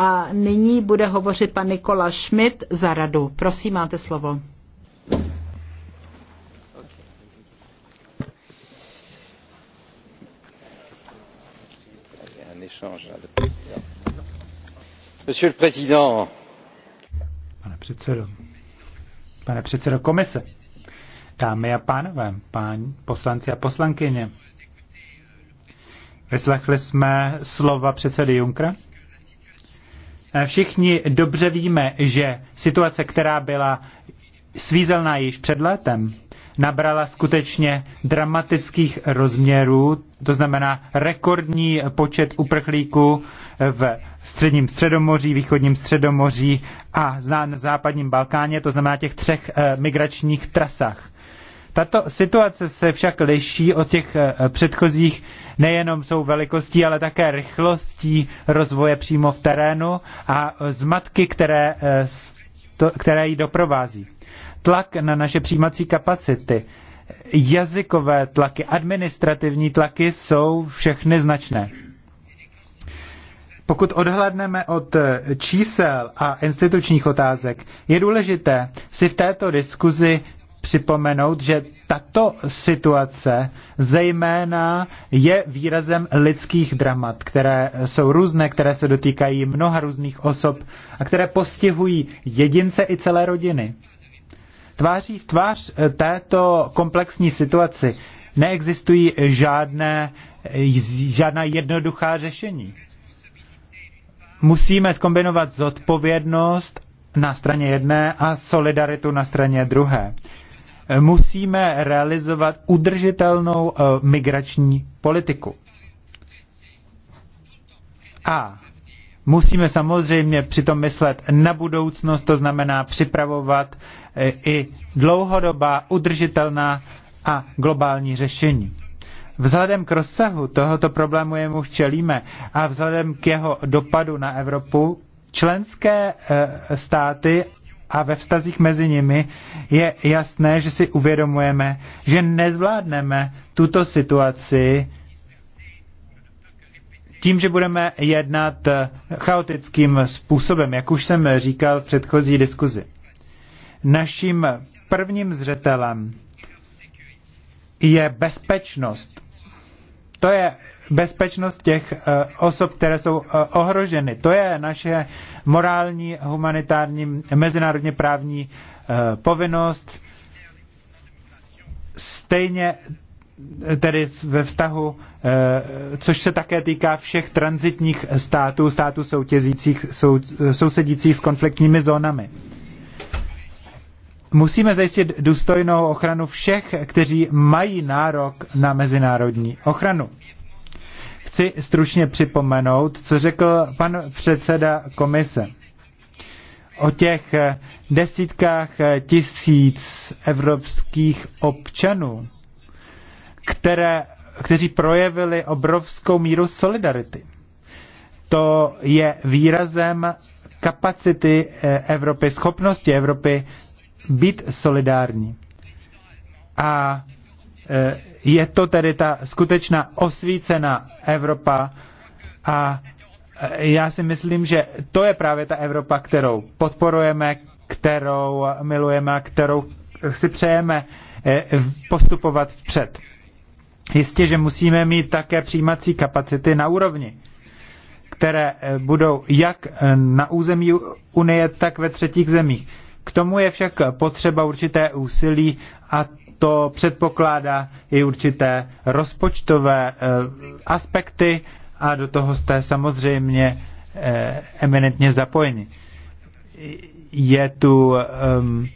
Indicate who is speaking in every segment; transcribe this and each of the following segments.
Speaker 1: A nyní bude hovořit pan Nikola Schmidt za radu. Prosím, máte slovo.
Speaker 2: Monsieur le Président, Pane předsedo, pane předsedo komise, dámy a pánové, páni poslanci a poslankyně, vyslechli jsme slova předsedy Junkra Eh, všichni dobře víme, že situace, která byla svízelná již před létem, nabrala skutečně dramatických rozměrů, to znamená rekordní počet uprchlíků eh, v středním středomoří, východním středomoří a na západním Balkáně, to znamená těch třech eh, migračních trasách. Tato situace se však liší od těch eh, předchozích nejenom jsou velikostí, ale také rychlostí rozvoje přímo v terénu a zmatky, které, eh, které ji doprovází. Tlak na naše přijímací kapacity, jazykové tlaky, administrativní tlaky jsou všechny značné. Pokud odhledneme od eh, čísel a institučních otázek, je důležité si v této diskuzi připomenout, že tato situace zejména je výrazem lidských dramat, které jsou různé, které se dotýkají mnoha různých osob a které postihují jedince i celé rodiny. Tváří v tvář eh, této komplexní situaci neexistují žádné, eh, žádná jednoduchá řešení. Musíme skombinovat zodpovědnost na straně jedné a solidaritu na straně druhé musíme realizovat udržitelnou eh, migrační politiku. A musíme samozřejmě přitom myslet na budoucnost, to znamená připravovat eh, i dlouhodobá, udržitelná a globální řešení. Vzhledem k rozsahu tohoto problému jemu čelíme a vzhledem k jeho dopadu na Evropu, členské eh, státy a ve vztazích mezi nimi je jasné, že si uvědomujeme, že nezvládneme tuto situaci tím, že budeme jednat chaotickým způsobem, jak už jsem říkal v předchozí diskuzi. Naším prvním zřetelem je bezpečnost. To je bezpečnost těch eh, osob, které jsou eh, ohroženy. To je naše morální, humanitární, mezinárodně právní eh, povinnost. Stejně tedy ve vztahu, což se také týká všech transitních států, států soutězících, sou, sousedících s konfliktními zónami. Musíme zajistit důstojnou ochranu všech, kteří mají nárok na mezinárodní ochranu chci stručně připomenout, co řekl pan předseda komise o těch eh, desítkách eh, tisíc evropských občanů, které, kteří projevili obrovskou míru solidarity. To je výrazem kapacity eh, Evropy, schopnosti Evropy být solidární. A je to tedy ta skutečná osvícená Evropa a e, já si myslím, že to je právě ta Evropa, kterou podporujeme, kterou milujeme a kterou si přejeme e, postupovat vpřed. Jistě, že musíme mít také přijímací kapacity na úrovni, které e, budou jak na území Unie, tak ve třetích zemích. K tomu je však potřeba určité úsilí a to předpokládá i určité rozpočtové eh, aspekty a do toho jste samozřejmě eh, eminentně zapojeni. Je tu, ehm,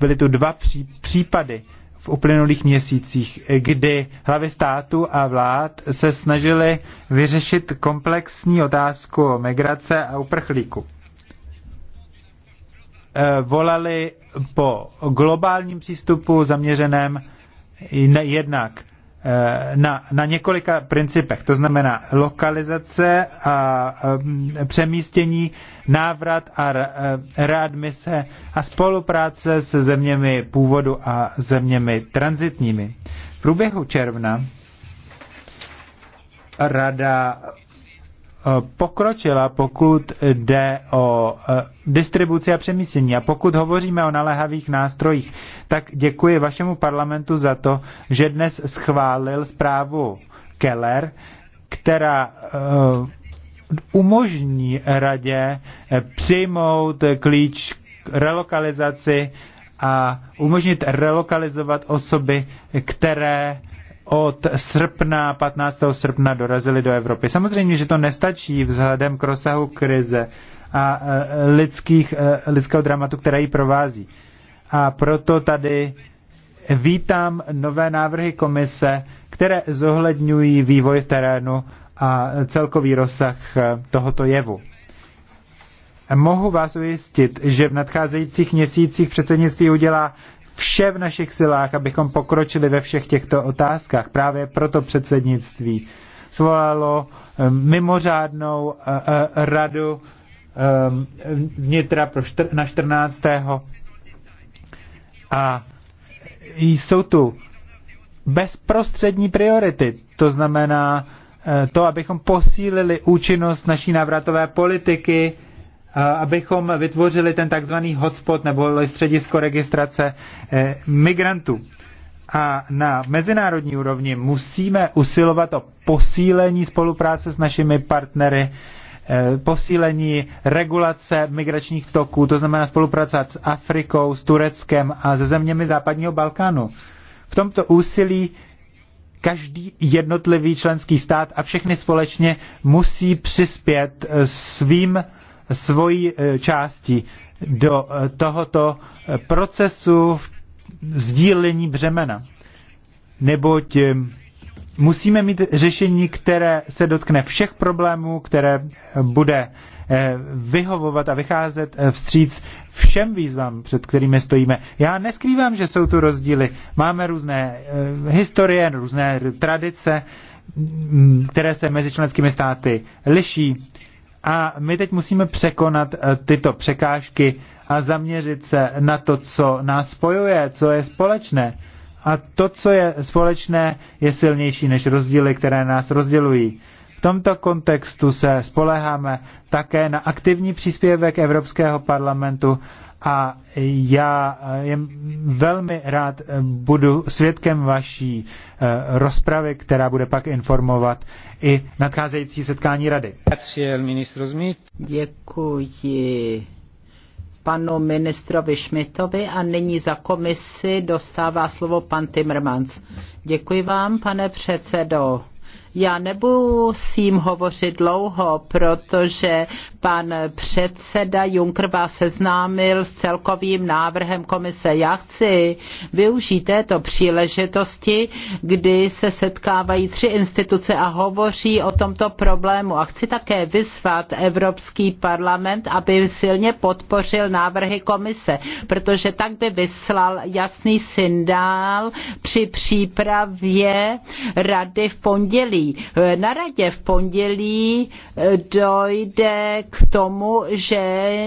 Speaker 2: byly tu dva případy v uplynulých měsících, kdy hlavy státu a vlád se snažili vyřešit komplexní otázku migrace a uprchlíku. Eh, volali po globálním přístupu zaměřeném jednak eh, na, na několika principech, to znamená lokalizace a eh, přemístění, návrat a readmise a spolupráce se zeměmi původu a zeměmi transitními. V průběhu června Rada pokročila, pokud jde o e, distribuci a přemístění. A pokud hovoříme o naléhavých nástrojích, tak děkuji vašemu parlamentu za to, že dnes schválil zprávu Keller, která e, umožní radě e, přijmout klíč k relokalizaci a umožnit relokalizovat osoby, které od srpna, 15. srpna dorazili do Evropy. Samozřejmě, že to nestačí vzhledem k rozsahu krize a e, lidských, e, lidského dramatu, které ji provází. A proto tady vítám nové návrhy komise, které zohledňují vývoj v terénu a celkový rozsah e, tohoto jevu. Mohu vás ujistit, že v nadcházejících měsících předsednictví udělá vše v našich silách, abychom pokročili ve všech těchto otázkách. Právě proto předsednictví svolalo mimořádnou eh, eh, radu vnitra na 14. A jsou tu bezprostřední priority, to znamená eh, to, abychom posílili účinnost naší návratové politiky, abychom vytvořili ten takzvaný hotspot nebo středisko registrace eh, migrantů. A na mezinárodní úrovni musíme usilovat o posílení spolupráce s našimi partnery, eh, posílení regulace migračních toků, to znamená spolupracovat s Afrikou, s Tureckem a se zeměmi západního Balkánu. V tomto úsilí každý jednotlivý členský stát a všechny společně musí přispět eh, svým svojí e, části do e, tohoto e, procesu sdílení břemena. Neboť musíme mít řešení, které se dotkne všech problémů, které bude vyhovovat a vycházet vstříc všem výzvám, před kterými stojíme. Já neskrývám, že jsou tu rozdíly. Máme různé historie, různé tradice, které se mezi členskými státy liší. A my teď musíme překonat eh, tyto překážky a zaměřit se na to, co nás spojuje, co je společné. A to, co je společné, je silnější než rozdíly, které nás rozdělují. V tomto kontextu se spoleháme také na aktivní příspěvek Evropského parlamentu a já eh, jen velmi rád eh, budu svědkem vaší eh, rozpravy, která bude pak informovat i nadcházející setkání rady. Děkuji
Speaker 1: panu ministrovi Šmitovi a nyní za komisi dostává slovo pan Timmermans. Děkuji vám, pane předsedo. Já nemusím hovořit dlouho, protože pan předseda Juncker vás seznámil s celkovým návrhem komise. Já chci využít této příležitosti, kdy se setkávají tři instituce a hovoří o tomto problému. A chci také vyzvat Evropský parlament, aby silně podpořil návrhy komise, protože tak by vyslal jasný syndál při přípravě rady v pondělí pondělí. Na radě v pondělí eh, dojde k tomu, že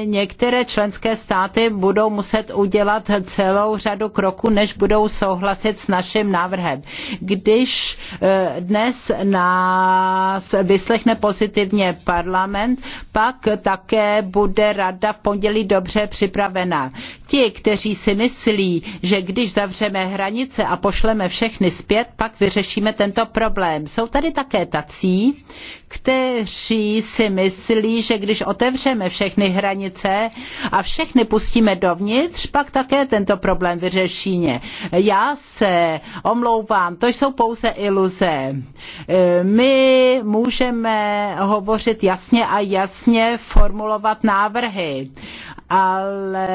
Speaker 1: některé členské státy budou muset udělat celou řadu kroků, než budou souhlasit s naším návrhem. Když eh, dnes nás vyslechne pozitivně parlament, pak také bude rada v pondělí dobře připravena. Ti, kteří si myslí, že když zavřeme hranice a pošleme všechny zpět, pak vyřešíme tento problém. Jsou tady tady také tací, kteří si myslí, že když otevřeme všechny hranice a všechny pustíme dovnitř, pak také tento problém vyřeší. Já se omlouvám, to jsou pouze iluze. E, my můžeme hovořit jasně a jasně formulovat návrhy, ale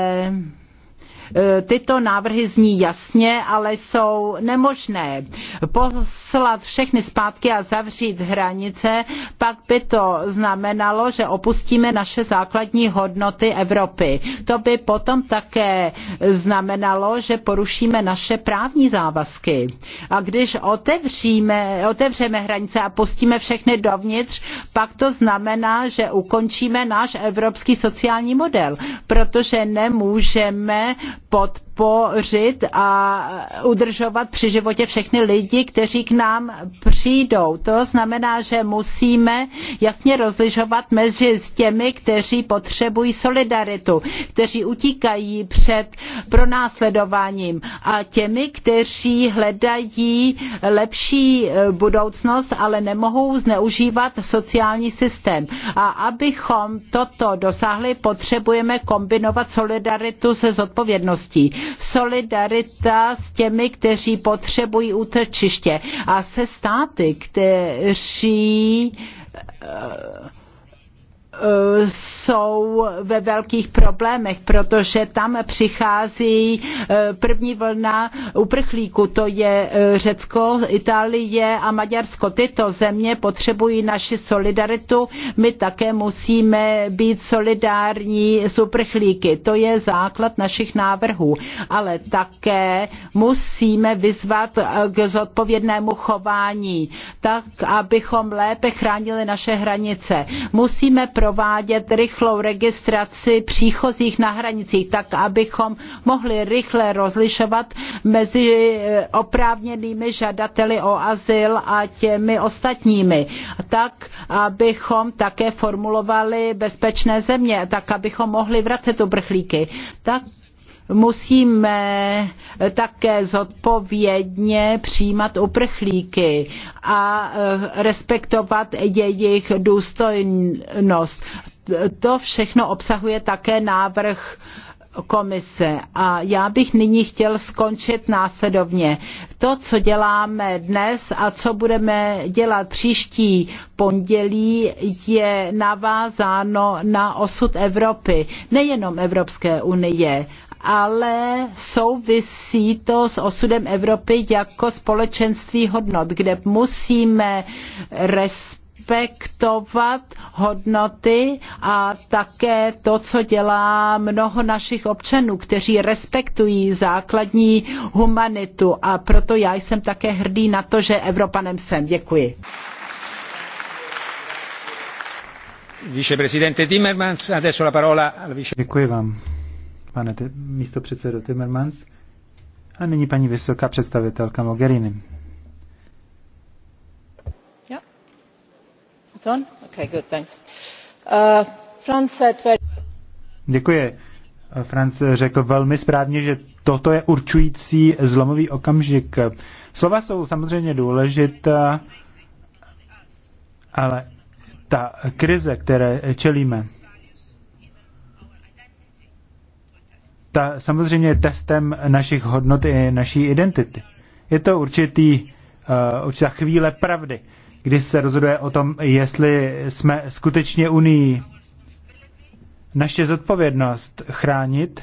Speaker 1: E, tyto návrhy zní jasně, ale jsou nemožné. Poslat všechny zpátky a zavřít hranice, pak by to znamenalo, že opustíme naše základní hodnoty Evropy. To by potom také znamenalo, že porušíme naše právní závazky. A když otevříme, otevřeme hranice a pustíme všechny dovnitř, pak to znamená, že ukončíme náš evropský sociální model, protože nemůžeme pod podpořit a udržovat při životě všechny lidi, kteří k nám přijdou. To znamená, že musíme jasně rozlišovat mezi těmi, kteří potřebují solidaritu, kteří utíkají před pronásledováním a těmi, kteří hledají lepší budoucnost, ale nemohou zneužívat sociální systém. A abychom toto dosáhli, potřebujeme kombinovat solidaritu se zodpovědností solidarita s těmi, kteří potřebují útočiště a se státy, kteří eh, jsou ve velkých problémech, protože tam přichází eh, první vlna uprchlíků, to je eh, Řecko, Itálie a Maďarsko. Tyto země potřebují naši solidaritu, my také musíme být solidární s uprchlíky. To je základ našich návrhů, ale také musíme vyzvat eh, k zodpovědnému chování, tak abychom lépe chránili naše hranice. Musíme pro provádět rychlou registraci příchozích na hranicích, tak abychom mohli rychle rozlišovat mezi eh, oprávněnými žadateli o azyl a těmi ostatními. Tak, abychom také formulovali bezpečné země, tak, abychom mohli vracet uprchlíky. Tak musíme také zodpovědně přijímat uprchlíky a eh, respektovat jejich důstojnost. To všechno obsahuje také návrh komise. A já bych nyní chtěl skončit následovně. To, co děláme dnes a co budeme dělat příští pondělí, je navázáno na osud Evropy, nejenom Evropské unie, ale souvisí to s osudem Evropy jako společenství hodnot, kde musíme respektovat hodnoty a také to, co dělá mnoho našich občanů, kteří respektují základní humanitu. A proto já jsem také hrdý na to, že Evropanem jsem. Děkuji.
Speaker 2: Vice Timmermans, adesso la parola al vice... Děkuji vám pane místo předsedo Timmermans. A nyní paní vysoká představitelka Mogherini. Uh, Děkuji. Franc řekl velmi správně, že toto je určující zlomový okamžik. Slova jsou samozřejmě důležitá, ale ta krize, které čelíme, ta, samozřejmě testem našich hodnot i naší identity. Je to určitý, uh, určitá chvíle pravdy, kdy se rozhoduje o tom, jestli jsme skutečně unii. Naše zodpovědnost chránit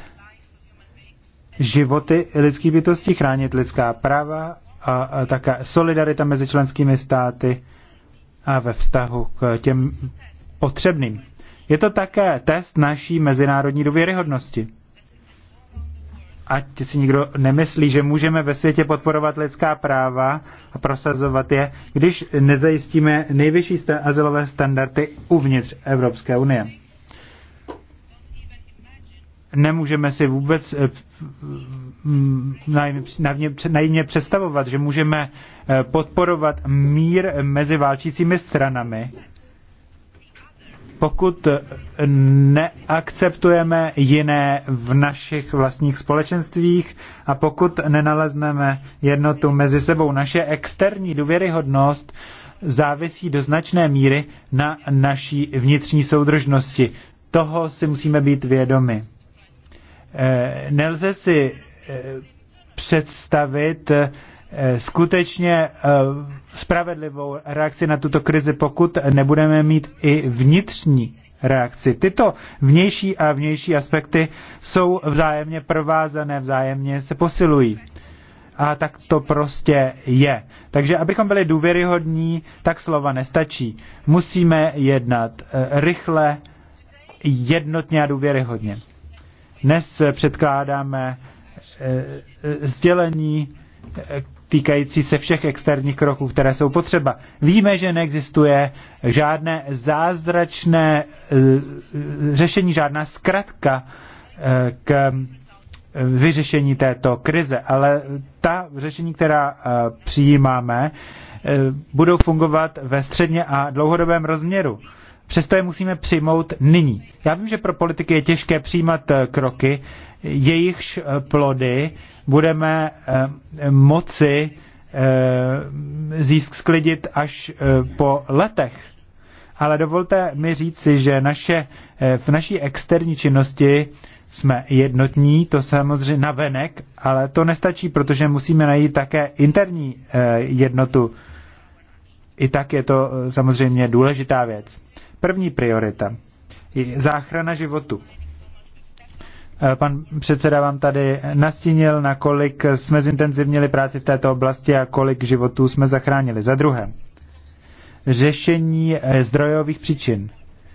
Speaker 2: životy lidských bytostí, chránit lidská práva a, a také solidarita mezi členskými státy a ve vztahu k těm potřebným. Je to také test naší mezinárodní důvěryhodnosti ať si nikdo nemyslí, že můžeme ve světě podporovat lidská práva a prosazovat je, když nezajistíme nejvyšší sta- azylové standardy uvnitř Evropské unie. Nemůžeme si vůbec eh, naivně představovat, že můžeme eh, podporovat mír mezi válčícími stranami, pokud neakceptujeme jiné v našich vlastních společenstvích a pokud nenalezneme jednotu mezi sebou. Naše externí důvěryhodnost závisí do značné míry na naší vnitřní soudržnosti. Toho si musíme být vědomi. Eh, nelze si eh, představit, eh, Eh, skutečně eh, spravedlivou reakci na tuto krizi, pokud nebudeme mít i vnitřní reakci. Tyto vnější a vnější aspekty jsou vzájemně provázané, vzájemně se posilují. A tak to prostě je. Takže abychom byli důvěryhodní, tak slova nestačí. Musíme jednat eh, rychle, jednotně a důvěryhodně. Dnes předkládáme sdělení týkající se všech externích kroků, které jsou potřeba. Víme, že neexistuje žádné zázračné eh, řešení, žádná zkratka eh, k eh, vyřešení této krize, ale ta řešení, která přijímáme, budou fungovat ve středně a dlouhodobém rozměru. Přesto je musíme přijmout nyní. Já vím, že pro politiky je těžké přijímat kroky, jejichž eh, plody budeme eh, moci eh, získ sklidit až po letech. Ale dovolte mi říci, že naše, v naší externí činnosti jsme jednotní, to samozřejmě na venek, ale to nestačí, protože musíme najít také interní jednotu. I tak je to samozřejmě důležitá věc. První priorita. Záchrana životu. Eh, pan předseda vám tady nastínil, na kolik jsme zintenzivnili práci v této oblasti a kolik životů jsme zachránili. Za druhé, řešení eh, zdrojových příčin.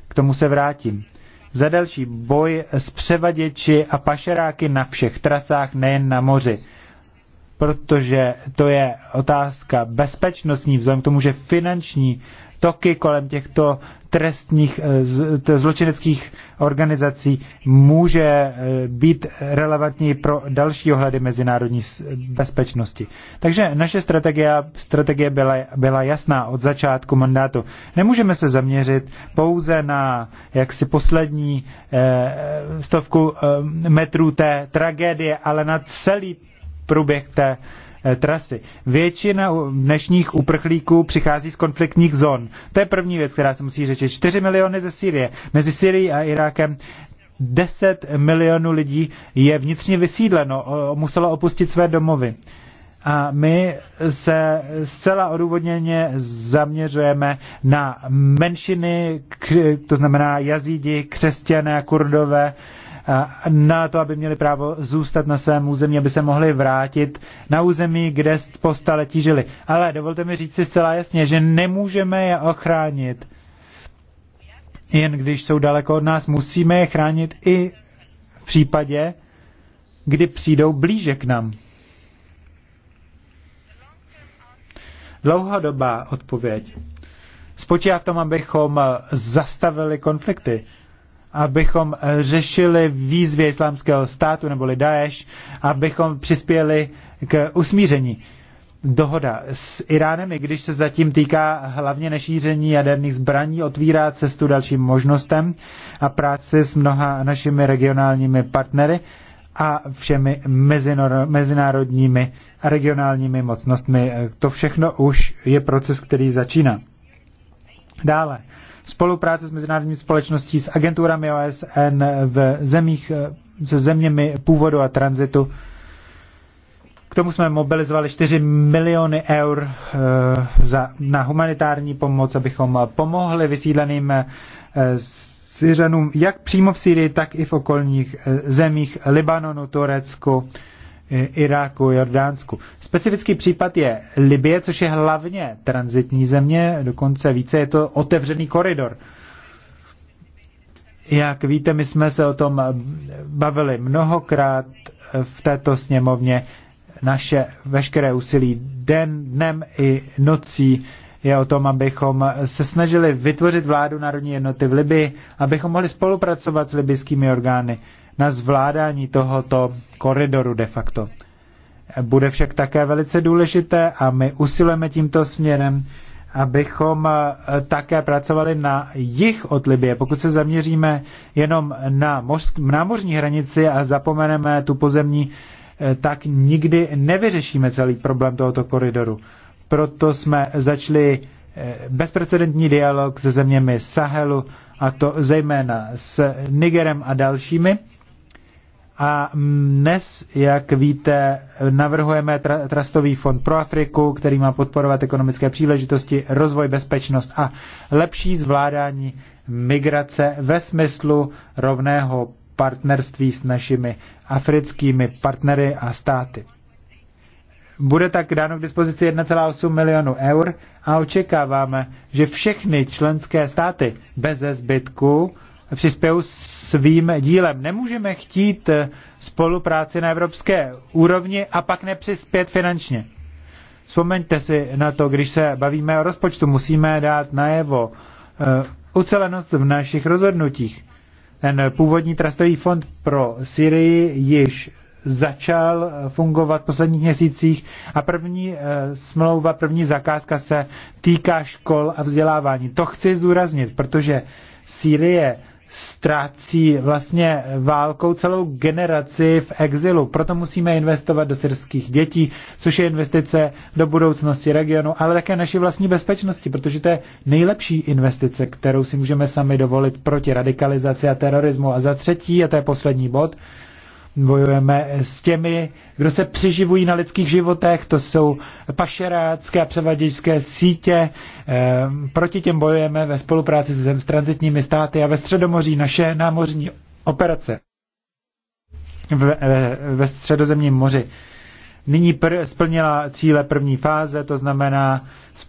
Speaker 2: K tomu se vrátím. Za další, boj s převaděči a pašeráky na všech trasách, nejen na moři. Protože to je otázka bezpečnostní, vzhledem k tomu, že finanční toky kolem těchto trestních eh, zločineckých organizací může eh, být relevantní pro další ohledy mezinárodní bezpečnosti. Takže naše strategie, strategie byla, byla jasná od začátku mandátu. Nemůžeme se zaměřit pouze na jaksi poslední eh, stovku metrů té tragédie, ale na celý průběh té Eh, trasy. Většina dnešních uprchlíků přichází z konfliktních zón. To je první věc, která se musí řečit. 4 miliony ze Syrie. Mezi Syrií a Irákem 10 milionů lidí je vnitřně vysídleno, muselo opustit své domovy. A my se zcela odůvodněně zaměřujeme na menšiny, to znamená jazídi, křesťané, kurdové, na to, aby měli právo zůstat na svém území, aby se mohli vrátit na území, kde po staletí žili. Ale dovolte mi říct si zcela jasně, že nemůžeme je ochránit. Jen když jsou daleko od nás, musíme je chránit i v případě, kdy přijdou blíže k nám. Dlouhodobá odpověď spočívá v tom, abychom zastavili konflikty, abychom řešili výzvy islámského státu neboli Daesh, abychom přispěli k usmíření. Dohoda s Iránem, i když se zatím týká hlavně nešíření jaderných zbraní, otvírá cestu dalším možnostem a práci s mnoha našimi regionálními partnery a všemi mezinárodními a regionálními mocnostmi. To všechno už je proces, který začíná. Dále spolupráce s mezinárodní společností, s agenturami OSN v zemích, eh, se zeměmi původu a tranzitu. K tomu jsme mobilizovali 4 miliony eur eh, za, na humanitární pomoc, abychom pomohli vysídleným eh, Syřanům jak přímo v Syrii, tak i v okolních zemích Libanonu, Turecku, Iráku, Jordánsku. Specifický případ je Libie, což je hlavně transitní země, dokonce více je to otevřený koridor. Jak víte, my jsme se o tom bavili mnohokrát v této sněmovně. Naše veškeré úsilí den, dnem i nocí je o tom, abychom se snažili vytvořit vládu národní jednoty v Libii, abychom mohli spolupracovat s libijskými orgány na zvládání tohoto koridoru de facto. Bude však také velice důležité a my usilujeme tímto směrem, abychom eh, také pracovali na jich od Libie. Pokud se zaměříme jenom na námořní hranici a zapomeneme tu pozemní, eh, tak nikdy nevyřešíme celý problém tohoto koridoru. Proto jsme začali eh, bezprecedentní dialog se zeměmi Sahelu, a to zejména s Nigerem a dalšími a dnes, jak víte, navrhujeme tra- Trastový fond pro Afriku, který má podporovat ekonomické příležitosti, rozvoj, bezpečnost a lepší zvládání migrace ve smyslu rovného partnerství s našimi africkými partnery a státy. Bude tak dáno k dispozici 1,8 milionu eur a očekáváme, že všechny členské státy bez zbytku přispějí svým dílem. Nemůžeme chtít spolupráci na evropské úrovni a pak nepřispět finančně. Vzpomeňte si na to, když se bavíme o rozpočtu, musíme dát najevo eh, ucelenost v našich rozhodnutích. Ten původní trastový fond pro Syrii již začal fungovat v posledních měsících a první eh, smlouva, první zakázka se týká škol a vzdělávání. To chci zdůraznit, protože Sýrie ztrácí vlastně válkou celou generaci v exilu. Proto musíme investovat do syrských dětí, což je investice do budoucnosti regionu, ale také naší vlastní bezpečnosti, protože to je nejlepší investice, kterou si můžeme sami dovolit proti radikalizaci a terorismu. A za třetí, a to je poslední bod, bojujeme s těmi, kdo se přeživují na lidských životech, to jsou pašerácké a převaděčské sítě. Ehm, proti těm bojujeme ve spolupráci s, s transitními státy a ve Středomoří naše námořní operace ve, ve Středozemním moři. Nyní pr- splnila cíle první fáze, to znamená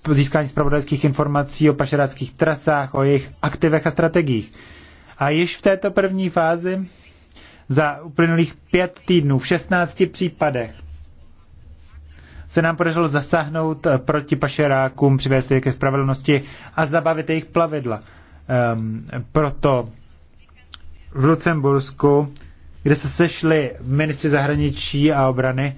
Speaker 2: získání zpravodajských informací o pašeráckých trasách, o jejich aktivech a strategiích. A již v této první fázi za uplynulých pět týdnů v 16 případech se nám podařilo zasáhnout eh, proti pašerákům, přivést je ke spravedlnosti a zabavit jejich plavidla. Um, proto v Lucembursku, kde se sešli ministři zahraničí a obrany,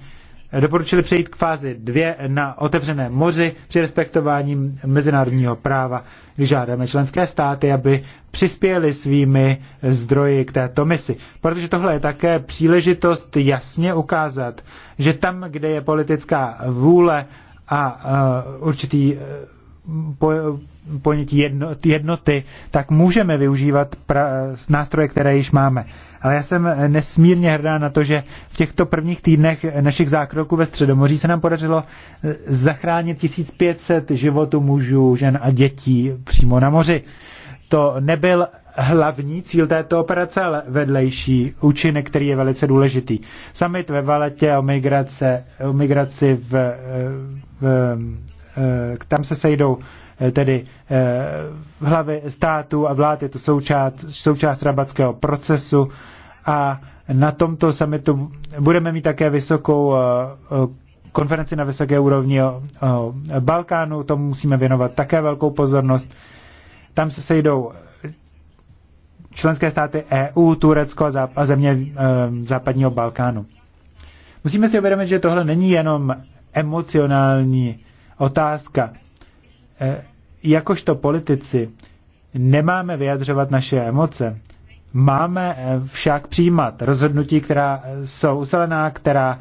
Speaker 2: doporučili přejít k fázi 2 na otevřené moři při respektování mezinárodního práva, když žádáme členské státy, aby přispěli svými zdroji k této misi. Protože tohle je také příležitost jasně ukázat, že tam, kde je politická vůle a uh, určitý uh, ponětí jedno, jednoty, tak můžeme využívat pra, e, nástroje, které již máme ale já jsem eh, nesmírně hrdá na to, že v těchto prvních týdnech eh, našich zákroků ve Středomoří se nám podařilo eh, zachránit 1500 životů mužů, žen a dětí přímo na moři. To nebyl hlavní cíl této operace, ale vedlejší účinek, který je velice důležitý. Summit ve Valetě o, migrace, o migraci v, v, v tam se sejdou Eh, tedy eh, hlavy států a vlád, je to součást, součást rabatského procesu a na tomto summitu budeme mít také vysokou eh, konferenci na vysoké úrovni o, o Balkánu, tomu musíme věnovat také velkou pozornost. Tam se sejdou členské státy EU, Turecko a země západního Balkánu. Musíme si uvědomit, že tohle není jenom emocionální otázka. E, jakožto politici nemáme vyjadřovat naše emoce, máme e, však přijímat rozhodnutí, která e, jsou uzelená, která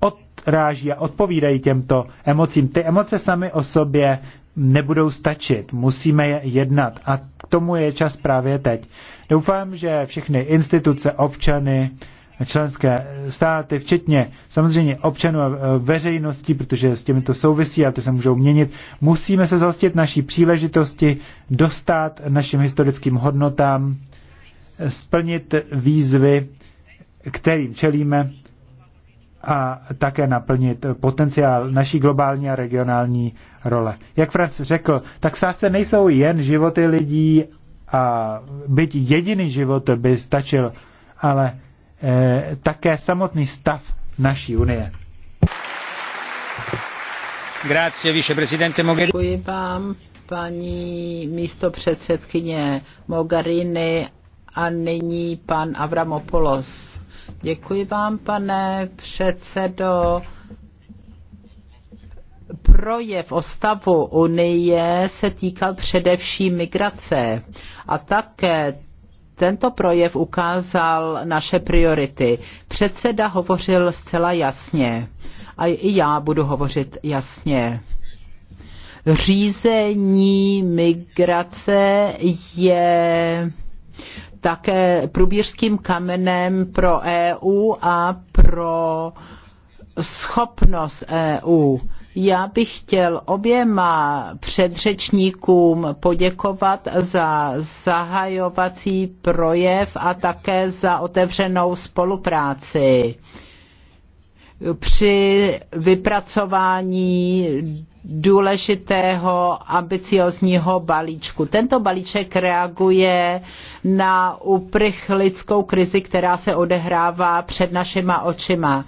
Speaker 2: odráží a odpovídají těmto emocím. Ty emoce sami o sobě nebudou stačit, musíme je jednat a k tomu je čas právě teď. Doufám, že všechny instituce, občany, členské státy, včetně samozřejmě občanů a e, veřejnosti, protože s těmi to souvisí a ty se můžou měnit. Musíme se zastit naší příležitosti, dostat našim historickým hodnotám, e, splnit výzvy, kterým čelíme a také naplnit potenciál naší globální a regionální role. Jak Franc řekl, tak sáce nejsou jen životy lidí a byť jediný život by stačil, ale Eh, také samotný stav naší unie.
Speaker 3: Děkuji vám,
Speaker 1: paní místo předsedkyně Mogherini a nyní pan Avramopoulos. Děkuji vám, pane předsedo. Projev o stavu Unie se týkal především migrace a také tento projev ukázal naše priority. Předseda hovořil zcela jasně a i já budu hovořit jasně. Řízení migrace je také průběžským kamenem pro EU a pro schopnost EU já bych chtěl oběma předřečníkům poděkovat za zahajovací projev a také za otevřenou spolupráci při vypracování důležitého ambiciozního balíčku. Tento balíček reaguje na uprchlickou krizi, která se odehrává před našima očima.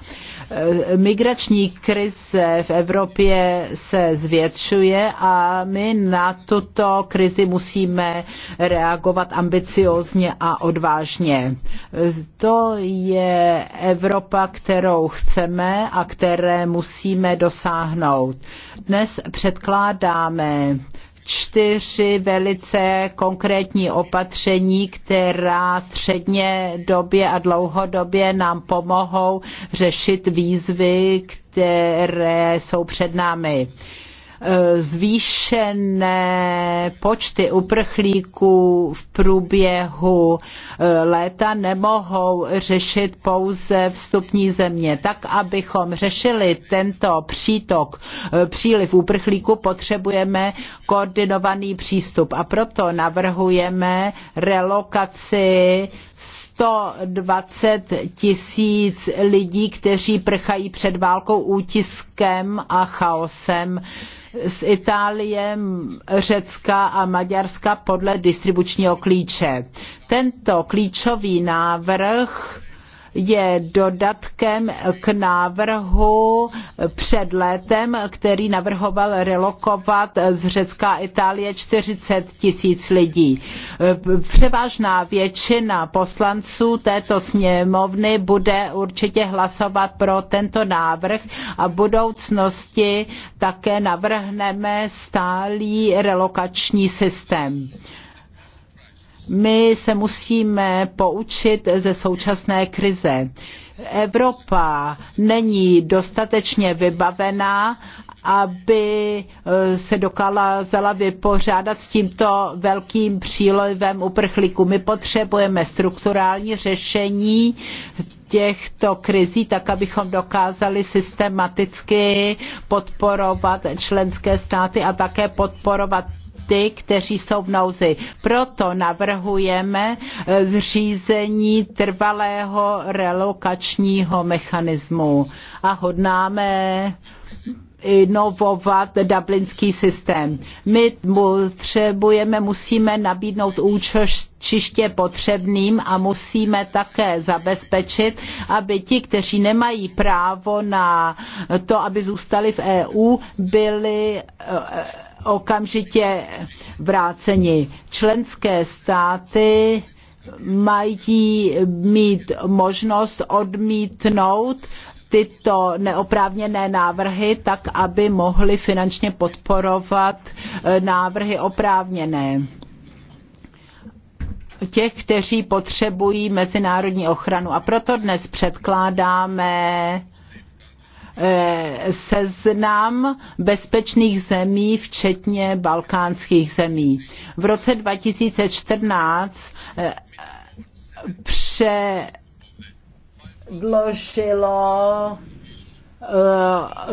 Speaker 1: Eh, migrační krize v Evropě se zvětšuje a my na tuto krizi musíme reagovat ambiciozně a odvážně. Eh, to je Evropa, kterou chceme a které musíme dosáhnout. Dnes předkládáme čtyři velice konkrétní opatření, která středně době a dlouhodobě nám pomohou řešit výzvy, které jsou před námi. Eh, zvýšené počty uprchlíků v průběhu eh, léta nemohou řešit pouze vstupní země. Tak, abychom řešili tento přítok, eh, příliv uprchlíků, potřebujeme koordinovaný přístup a proto navrhujeme relokaci 120 tisíc lidí, kteří prchají před válkou, útiskem a chaosem z Itálie, Řecka a Maďarska podle distribučního klíče. Tento klíčový návrh je dodatkem k návrhu před létem, který navrhoval relokovat z Řecka a Itálie 40 tisíc lidí. Převážná většina poslanců této sněmovny bude určitě hlasovat pro tento návrh a v budoucnosti také navrhneme stálý relokační systém. My se musíme poučit ze současné krize. Evropa není dostatečně vybavená, aby eh, se dokázala vypořádat s tímto velkým přílivem uprchlíků. My potřebujeme strukturální řešení těchto krizí, tak abychom dokázali systematicky podporovat členské státy a také podporovat ty, kteří jsou v nouzi. Proto navrhujeme eh, zřízení trvalého relokačního mechanismu a hodnáme inovovat dublinský systém. My potřebujeme, musíme nabídnout účiště potřebným a musíme také zabezpečit, aby ti, kteří nemají právo na to, aby zůstali v EU, byli eh, okamžitě vráceni. Členské státy mají mít možnost odmítnout tyto neoprávněné návrhy tak, aby mohly finančně podporovat eh, návrhy oprávněné těch, kteří potřebují mezinárodní ochranu. A proto dnes předkládáme Eh, seznam bezpečných zemí, včetně balkánských zemí. V roce 2014 eh, předložilo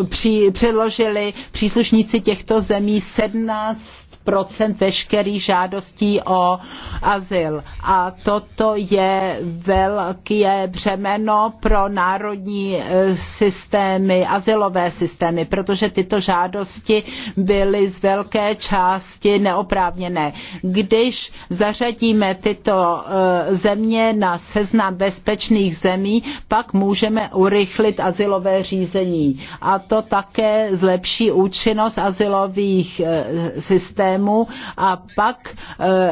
Speaker 1: eh, předložili příslušníci těchto zemí 17 Procent veškerých žádostí o azyl. A toto je velké břemeno pro národní e, systémy, azylové systémy, protože tyto žádosti byly z velké části neoprávněné. Když zařadíme tyto e, země na seznam bezpečných zemí, pak můžeme urychlit azylové řízení. A to také zlepší účinnost azylových e, systémů systému a pak eh,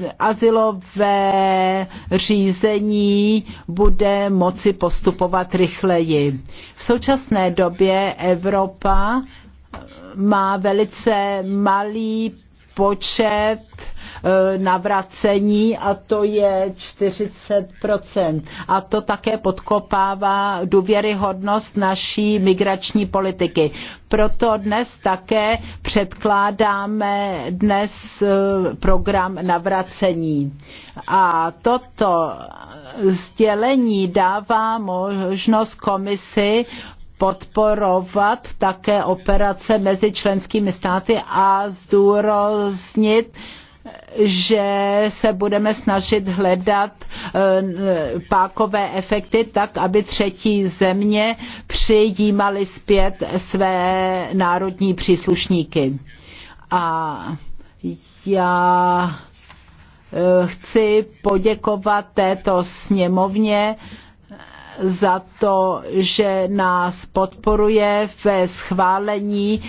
Speaker 1: eh, azylové řízení bude moci postupovat rychleji. V současné době Evropa má velice malý počet Eh, navracení a to je 40%. A to také podkopává důvěryhodnost naší migrační politiky. Proto dnes také předkládáme dnes eh, program navracení. A toto sdělení dává možnost komisi podporovat také operace mezi členskými státy a uh, že se budeme snažit hledat eh, pákové efekty tak, aby třetí země přijímaly zpět své národní příslušníky. A já eh, chci poděkovat této sněmovně eh, za to, že nás podporuje ve schválení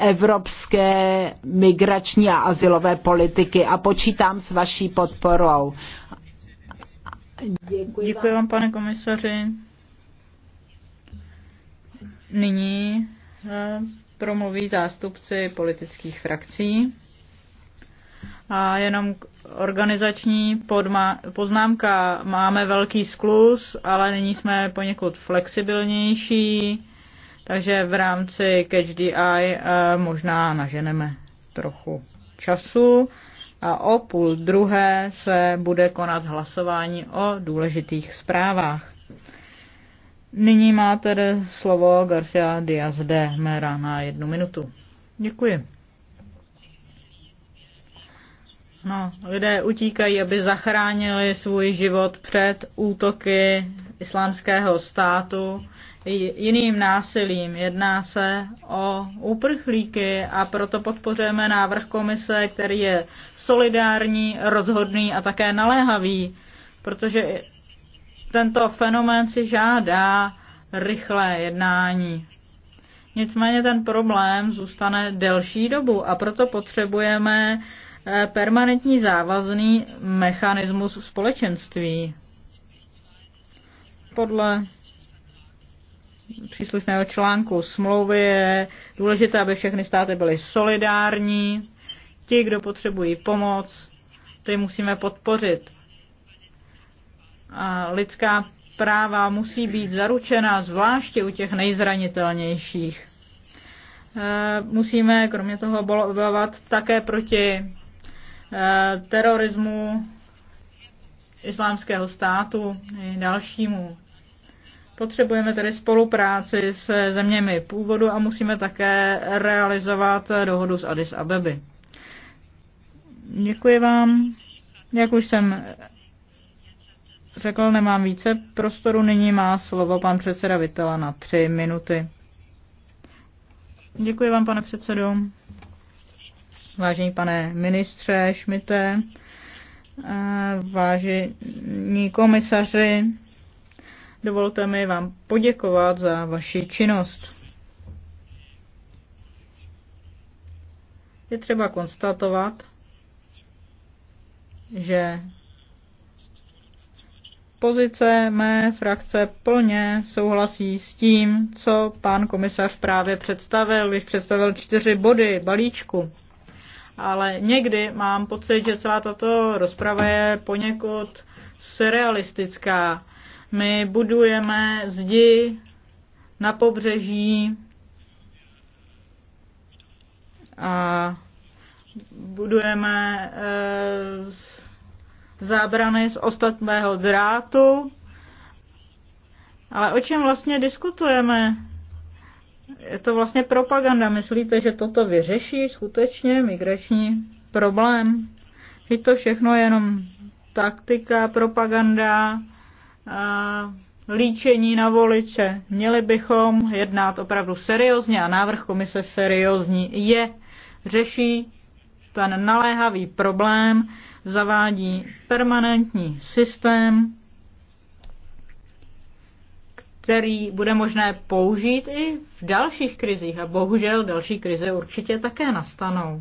Speaker 1: evropské migrační a asilové politiky a počítám s vaší podporou.
Speaker 3: Děkuji, Děkuji vám, pane komisaři. Nyní eh, promluví zástupci politických frakcí. A jenom organizační poznámka. Máme velký sklus, ale nyní jsme poněkud flexibilnější takže v rámci Catch the Eye eh, možná naženeme trochu času a o půl druhé se bude konat hlasování o důležitých zprávách. Nyní má tedy slovo Garcia Diaz de Mera na jednu minutu. Děkuji. No, lidé utíkají, aby zachránili svůj život před útoky islámského státu jiným násilím. Jedná se o uprchlíky a proto podpořujeme návrh komise, který je solidární, rozhodný a také naléhavý, protože tento fenomén si žádá rychlé jednání. Nicméně ten problém zůstane delší dobu a proto potřebujeme eh, permanentní závazný mechanismus společenství. Podle příslušného článku smlouvy je důležité, aby všechny státy byly solidární. Ti, kdo potřebují pomoc, ty musíme podpořit. A lidská práva musí být zaručena zvláště u těch nejzranitelnějších. E, musíme kromě toho bojovat také proti e, terorismu islámského státu i dalšímu Potřebujeme tedy spolupráci s zeměmi původu a musíme také realizovat dohodu s Addis Abeby. Děkuji vám. Jak už jsem řekl, nemám více prostoru. Nyní má slovo pan předseda Vitela na tři minuty. Děkuji vám, pane předsedo. Vážený pane ministře Šmité, eh, vážení komisaři, Dovolte mi vám poděkovat za vaši činnost. Je třeba konstatovat, že pozice mé frakce plně souhlasí s tím, co pan komisař právě představil, když představil čtyři body balíčku. Ale někdy mám pocit, že celá tato rozprava je poněkud surrealistická. My budujeme zdi na pobřeží a budujeme eh, zábrany z ostatného drátu. Ale o čem vlastně diskutujeme? Je to vlastně propaganda. Myslíte, že toto vyřeší skutečně migrační problém? Je to všechno jenom taktika, propaganda, líčení na voliče. Měli bychom jednat opravdu seriózně a návrh komise seriózní je. Řeší ten naléhavý problém, zavádí permanentní systém, který bude možné použít i v dalších krizích a bohužel další krize určitě také nastanou.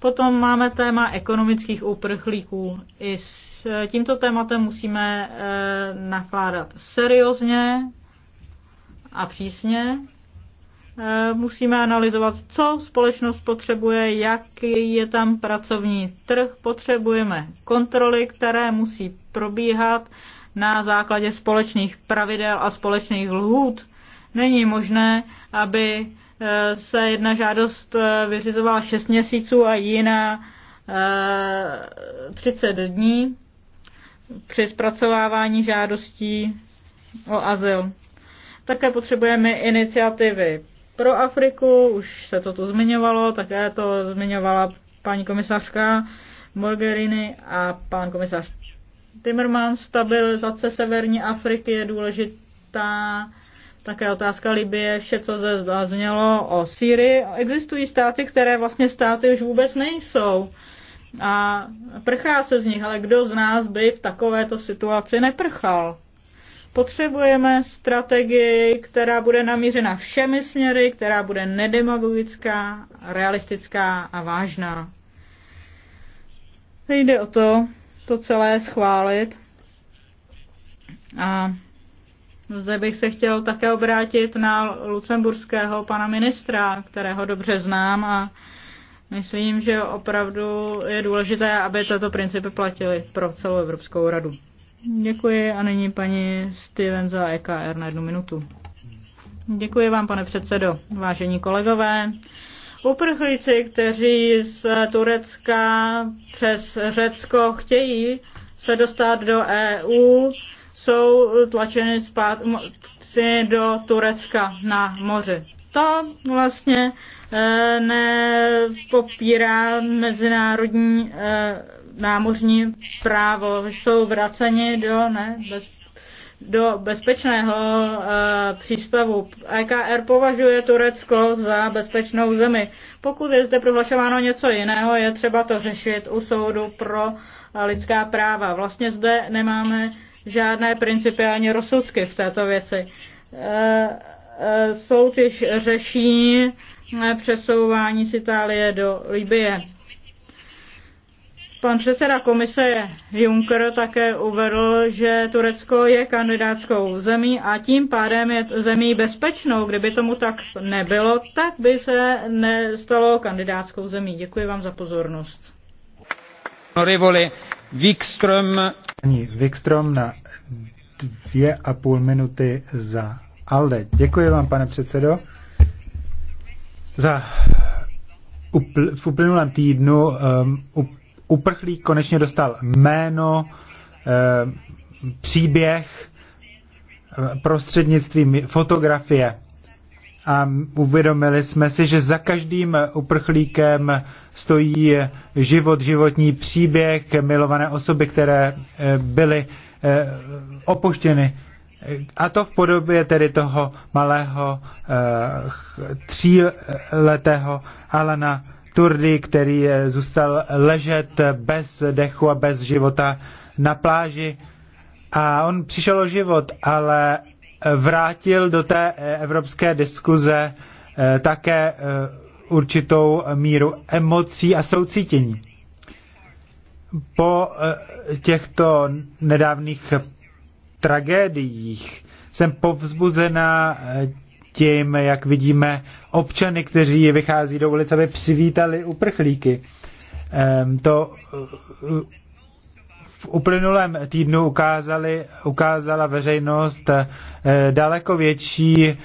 Speaker 3: Potom máme téma ekonomických uprchlíků. I s eh, tímto tématem musíme eh, nakládat seriózně a přísně. Eh, musíme analyzovat, co společnost potřebuje, jaký je tam pracovní trh. Potřebujeme kontroly, které musí probíhat na základě společných pravidel a společných lhůt. Není možné, aby Eh, se jedna žádost eh, vyřizovala 6 měsíců a jiná 30 eh, dní při zpracovávání žádostí o azyl. Také potřebujeme iniciativy pro Afriku, už se to tu zmiňovalo, také to zmiňovala paní komisařka Morgerini a pan komisař Timmermans. Stabilizace severní Afriky je důležitá také otázka Libie, vše, co zde zaznělo o Syrii. Existují státy, které vlastně státy už vůbec nejsou. A prchá se z nich, ale kdo z nás by v takovéto situaci neprchal? Potřebujeme strategii, která bude namířena všemi směry, která bude nedemagogická, realistická a vážná. Jde o to, to celé schválit a zde bych se chtěl také obrátit na lucemburského pana ministra, kterého dobře znám a myslím, že opravdu je důležité, aby tato principy platily pro celou Evropskou radu. Děkuji a nyní paní Steven za EKR na jednu minutu. Děkuji vám, pane předsedo, vážení kolegové. Uprchlíci, kteří z Turecka přes Řecko chtějí se dostat do EU, jsou tlačeny zpátky do Turecka na moři. To vlastně eh, nepopírá mezinárodní eh, námořní právo, jsou vraceni do, ne, bez, do bezpečného eh, e, přístavu. EKR považuje Turecko za bezpečnou zemi. Pokud je zde prohlašováno něco jiného, je třeba to řešit u soudu pro lidská práva. Vlastně zde nemáme žádné principiální rozsudky v této věci. E, e, soud již řeší e, přesouvání z Itálie do Libie. Pan předseda komise Juncker také uvedl, že Turecko je kandidátskou zemí a tím pádem je zemí bezpečnou. Kdyby tomu tak nebylo, tak by se nestalo kandidátskou zemí. Děkuji vám za pozornost.
Speaker 2: Wikström. Paní Wikström na dvě a půl minuty za ALDE. Děkuji vám, pane předsedo. Za upl- v uplynulém týdnu um, uprchlík konečně dostal jméno, um, příběh uh, prostřednictvím fotografie a uvědomili jsme si, že za každým uprchlíkem stojí život, životní příběh, milované osoby, které eh, byly eh, opuštěny. A to v podobě tedy toho malého eh, tříletého Alana Turdy, který zůstal ležet bez dechu a bez života na pláži. A on přišel o život, ale vrátil do té eh, evropské diskuze eh, také eh, určitou míru emocí a soucítění. Po těchto nedávných tragédiích jsem povzbuzená tím, jak vidíme občany, kteří vychází do ulic, aby přivítali uprchlíky. Ehm, to v uplynulém týdnu ukázali, ukázala veřejnost eh, daleko větší eh,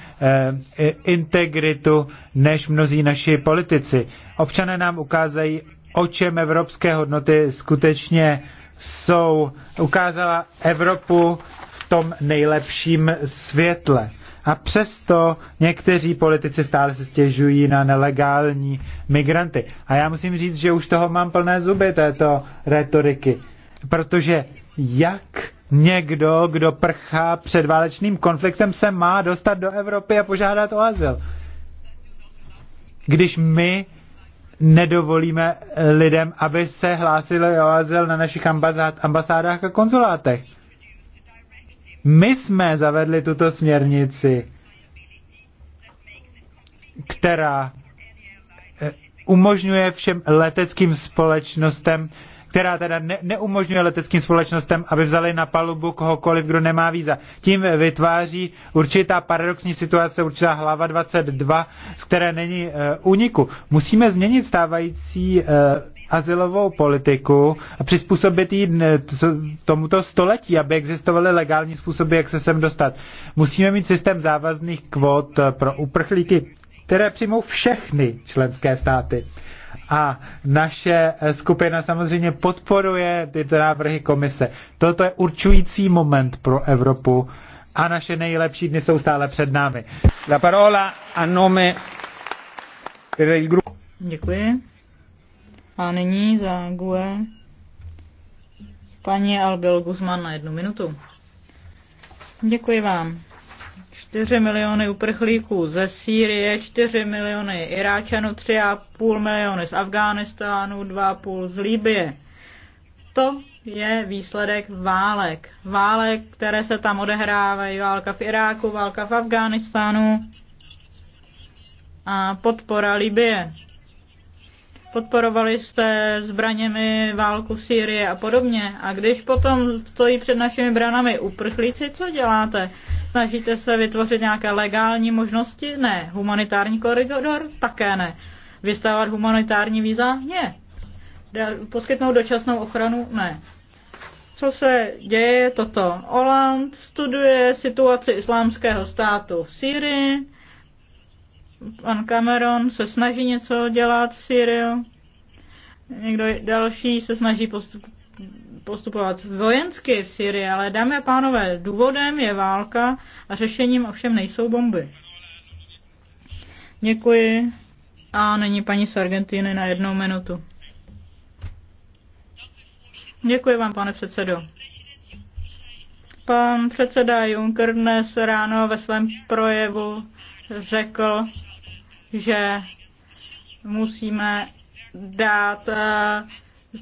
Speaker 2: integritu než mnozí naši politici. Občané nám ukázají, o čem evropské hodnoty skutečně jsou. Ukázala Evropu v tom nejlepším světle. A přesto někteří politici stále se stěžují na nelegální migranty. A já musím říct, že už toho mám plné zuby této retoriky. Protože jak někdo, kdo prchá před válečným konfliktem, se má dostat do Evropy a požádat o azyl? Když my nedovolíme lidem, aby se hlásili o azyl na našich ambasád, ambasádách a konzulátech. My jsme zavedli tuto směrnici, která eh, umožňuje všem leteckým společnostem která teda ne- neumožňuje leteckým společnostem, aby vzali na palubu kohokoliv, kdo nemá víza. Tím vytváří určitá paradoxní situace, určitá hlava 22, z které není uh, eh, uniku. Musíme změnit stávající uh, azylovou politiku a přizpůsobit ji eh, tomuto století, aby existovaly legální způsoby, jak se sem dostat. Musíme mít systém závazných kvot pro uprchlíky, které přijmou všechny členské státy. A naše skupina samozřejmě podporuje tyto návrhy komise. Toto je určující moment pro Evropu a naše nejlepší dny jsou stále před námi. La parola a nome del grupo. Děkuji.
Speaker 3: A nyní za GUE paní Albel Guzman na jednu minutu. Děkuji vám. 4 miliony uprchlíků ze Sýrie, 4 miliony Iráčanů, 3,5 miliony z Afghánistánu, 2,5 z Líbie. To je výsledek válek. Válek, které se tam odehrávají, válka v Iráku, válka v Afghánistánu a podpora Libie. Podporovali jste zbraněmi válku v Sýrii a podobně. A když potom stojí před našimi branami uprchlíci, co děláte? Snažíte se vytvořit nějaké legální možnosti? Ne. Humanitární koridor? Také ne. Vystavovat humanitární víza? Ne. Poskytnout dočasnou ochranu? Ne. Co se děje toto? Oland studuje situaci islámského státu v Sýrii. Pan Cameron se snaží něco dělat v Sýrii. Někdo další se snaží postup, postupovat vojensky v Syrii, ale dámy a pánové, důvodem je válka a řešením ovšem nejsou bomby. Děkuji. A není paní z Argentiny na jednou minutu. Děkuji vám, pane předsedo. Pan předseda Juncker dnes ráno ve svém projevu řekl, že musíme dát eh,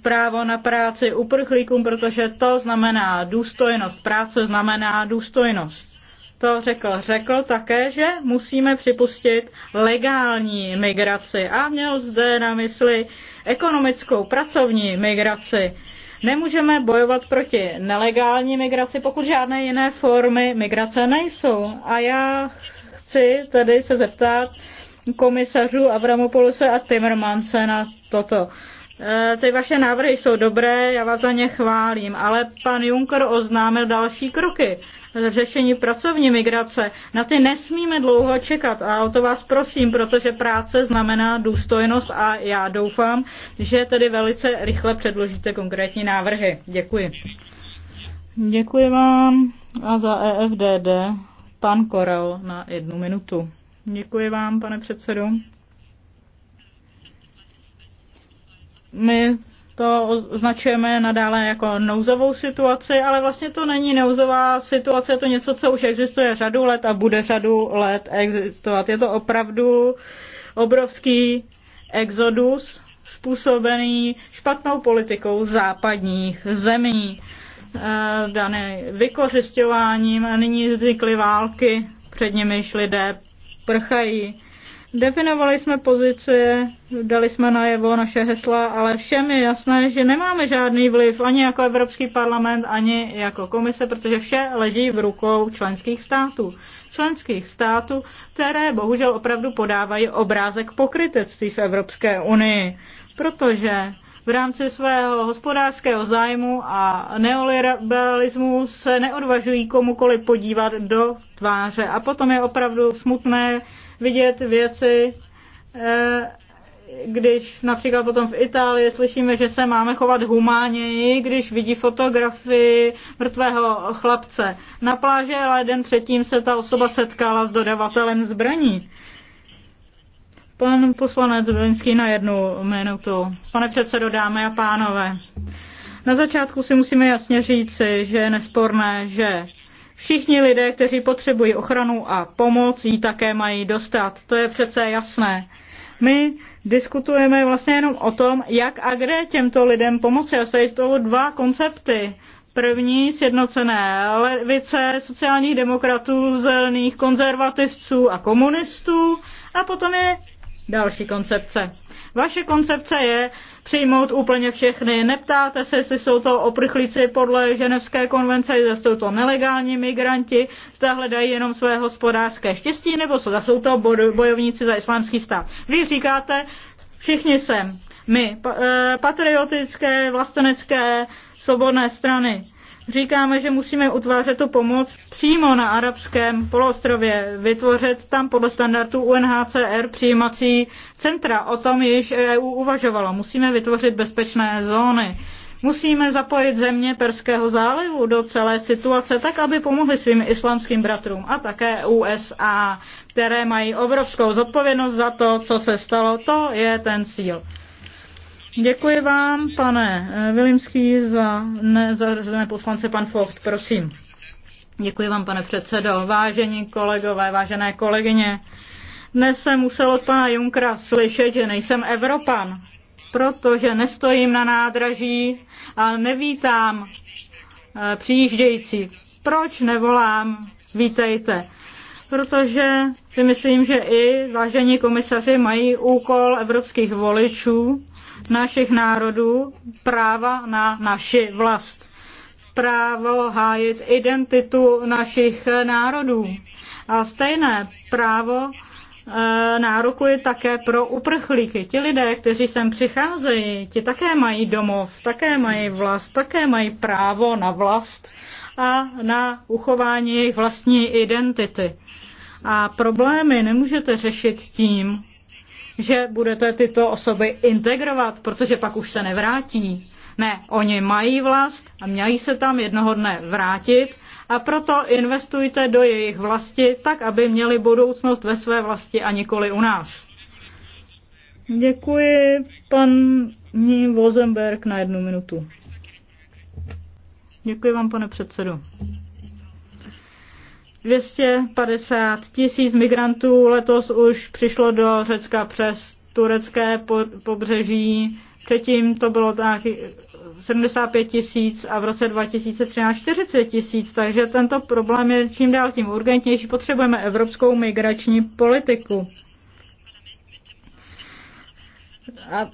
Speaker 3: právo na práci uprchlíkům, protože to znamená důstojnost. Práce znamená důstojnost. To řekl. Řekl také, že musíme připustit legální migraci a měl zde na mysli ekonomickou pracovní migraci. Nemůžeme bojovat proti nelegální migraci, pokud žádné jiné formy migrace nejsou. A já chci tedy se zeptat komisařů Avramopoluse a Timmermanse na toto. Eh, ty vaše návrhy jsou dobré, já vás za ně chválím, ale pan Juncker oznámil další kroky v řešení pracovní migrace. Na ty nesmíme dlouho čekat a o to vás prosím, protože práce znamená důstojnost a já doufám, že tedy velice rychle předložíte konkrétní návrhy. Děkuji. Děkuji vám a za EFDD pan Korel na jednu minutu. Děkuji vám, pane předsedo. My to označujeme nadále jako nouzovou situaci, ale vlastně to není nouzová situace, je to něco, co už existuje řadu let a bude řadu let existovat. Je to opravdu obrovský exodus způsobený špatnou politikou západních zemí, eh, dané vykořišťováním a nyní vznikly války, před nimiž lidé prchají. Definovali jsme pozici, dali jsme najevo naše hesla, ale všem je jasné, že nemáme žádný vliv ani jako Evropský parlament, ani jako komise, protože vše leží v rukou členských států. Členských států, které bohužel opravdu podávají obrázek pokrytectví v Evropské unii, protože v rámci svého hospodářského zájmu a neoliberalismu se neodvažují komukoli podívat do tváře. A potom je opravdu smutné, vidět věci, eh, když například potom v Itálii slyšíme, že se máme chovat humánněji, když vidí fotografii mrtvého chlapce na pláži, ale den předtím se ta osoba setkala s dodavatelem zbraní. Pan poslanec Zelenský na jednu minutu. Pane předsedo, dámy a pánové, na začátku si musíme jasně říci, že je nesporné, že Všichni lidé, kteří potřebují ochranu a pomoc, ji také mají dostat. To je přece jasné. My diskutujeme vlastně jenom o tom, jak a kde těmto lidem pomoci. A se z toho dva koncepty. První sjednocené levice sociálních demokratů, zelených konzervativců a komunistů. A potom je další koncepce. Vaše koncepce je přijmout úplně všechny. Neptáte se, jestli jsou to oprchlíci podle Ženevské konvence, jestli jsou to nelegální migranti, zda hledají jenom své hospodářské štěstí, nebo zda jsou to bojovníci za islámský stát. Vy říkáte, všichni jsem. My, eh, patriotické, vlastenecké, svobodné strany říkáme, že musíme utvářet tu pomoc přímo na arabském poloostrově, vytvořit tam podle standardů UNHCR přijímací centra. O tom již EU uvažovala. Musíme vytvořit bezpečné zóny. Musíme zapojit země Perského zálivu do celé situace, tak aby pomohli svým islamským bratrům a také USA, které mají obrovskou zodpovědnost za to, co se stalo. To je ten cíl. Děkuji vám, pane eh, Vilimský, za nezařazené poslance, pan Focht, prosím. Děkuji vám, pane předsedo. Vážení kolegové, vážené kolegyně, dnes jsem musel od pana Junkra slyšet, že nejsem Evropan, protože nestojím na nádraží a nevítám eh, přijíždějící. Proč nevolám vítejte? Protože si myslím, že i vážení komisaři mají úkol evropských voličů našich národů, práva na naši vlast, právo hájit identitu našich národů. A stejné právo e, eh, nárokuje také pro uprchlíky. Ti lidé, kteří sem přicházejí, ti také mají domov, také mají vlast, také mají právo na vlast a na uchování jejich vlastní identity. A problémy nemůžete řešit tím, že budete tyto osoby integrovat, protože pak už se nevrátí. Ne, oni mají vlast a mějí se tam jednoho dne vrátit a proto investujte do jejich vlasti tak, aby měli budoucnost ve své vlasti a nikoli u nás. Děkuji, paní Vozenberg, na jednu minutu. Děkuji vám, pane předsedo. 250 tisíc migrantů letos už přišlo do Řecka přes turecké pobřeží. Předtím to bylo tak 75 tisíc a v roce 2013 40 tisíc, takže tento problém je čím dál tím urgentnější. Potřebujeme evropskou migrační politiku. A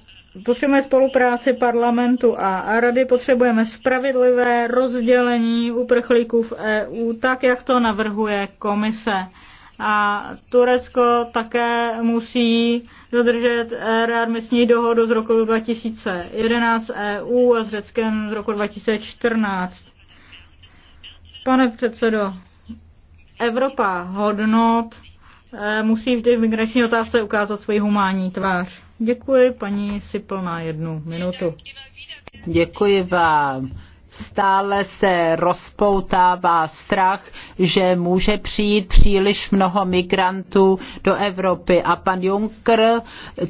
Speaker 3: Potřebujeme spolupráci parlamentu a rady, potřebujeme spravedlivé rozdělení uprchlíků v EU, tak jak to navrhuje komise. A Turecko také musí dodržet readmisní dohodu z roku 2011 EU a s Řeckem z roku 2014. Pane předsedo, Evropa hodnot Eh, musí vždy v migrační otázce ukázat svoji humánní tvář. Děkuji paní Sipl na jednu minutu. Děkuji vám
Speaker 1: stále se rozpoutává strach, že může přijít příliš mnoho migrantů do Evropy. A pan Juncker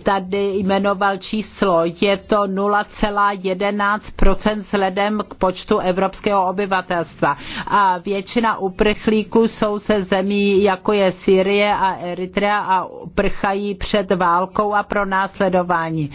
Speaker 1: tady jmenoval číslo, je to 0,11% vzhledem k počtu evropského obyvatelstva. A většina uprchlíků jsou ze zemí, jako je Syrie a Eritrea a prchají před válkou a pro následování. E,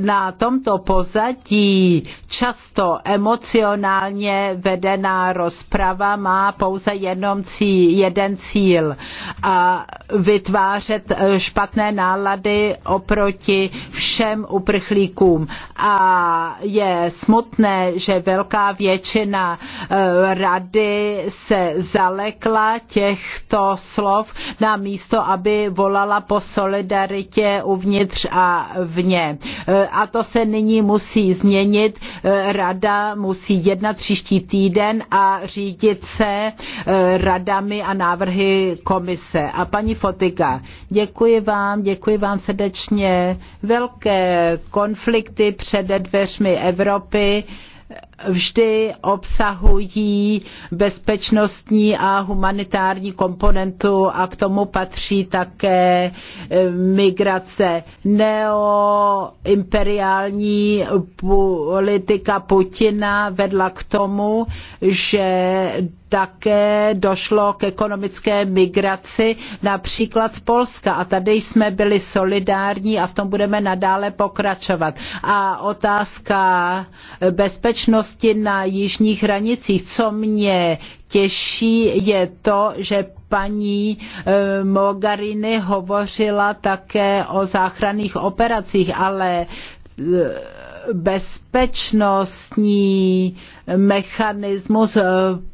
Speaker 1: na tomto pozadí často emocionální racionálně vedená rozprava má pouze jenom cíl, jeden cíl a vytvářet eh, špatné nálady oproti všem uprchlíkům. A je smutné, že velká většina eh, rady se zalekla těchto slov na místo, aby volala po solidaritě uvnitř a vně. Eh, a to se nyní musí změnit. Rada musí musí jednat příští týden a řídit se eh, radami a návrhy komise. A paní Fotika, děkuji vám, děkuji vám srdečně. Velké konflikty před dveřmi Evropy vždy obsahují bezpečnostní a humanitární komponentu a k tomu patří také eh, migrace. Neoimperiální politika Putina vedla k tomu, že také došlo k ekonomické migraci, například z Polska. A tady jsme byli solidární a v tom budeme nadále pokračovat. A otázka bezpečnosti na jižních hranicích. Co mě těší, je to, že paní eh, Mogarini hovořila také o záchranných operacích, ale eh, bezpečnostní mechanismus eh,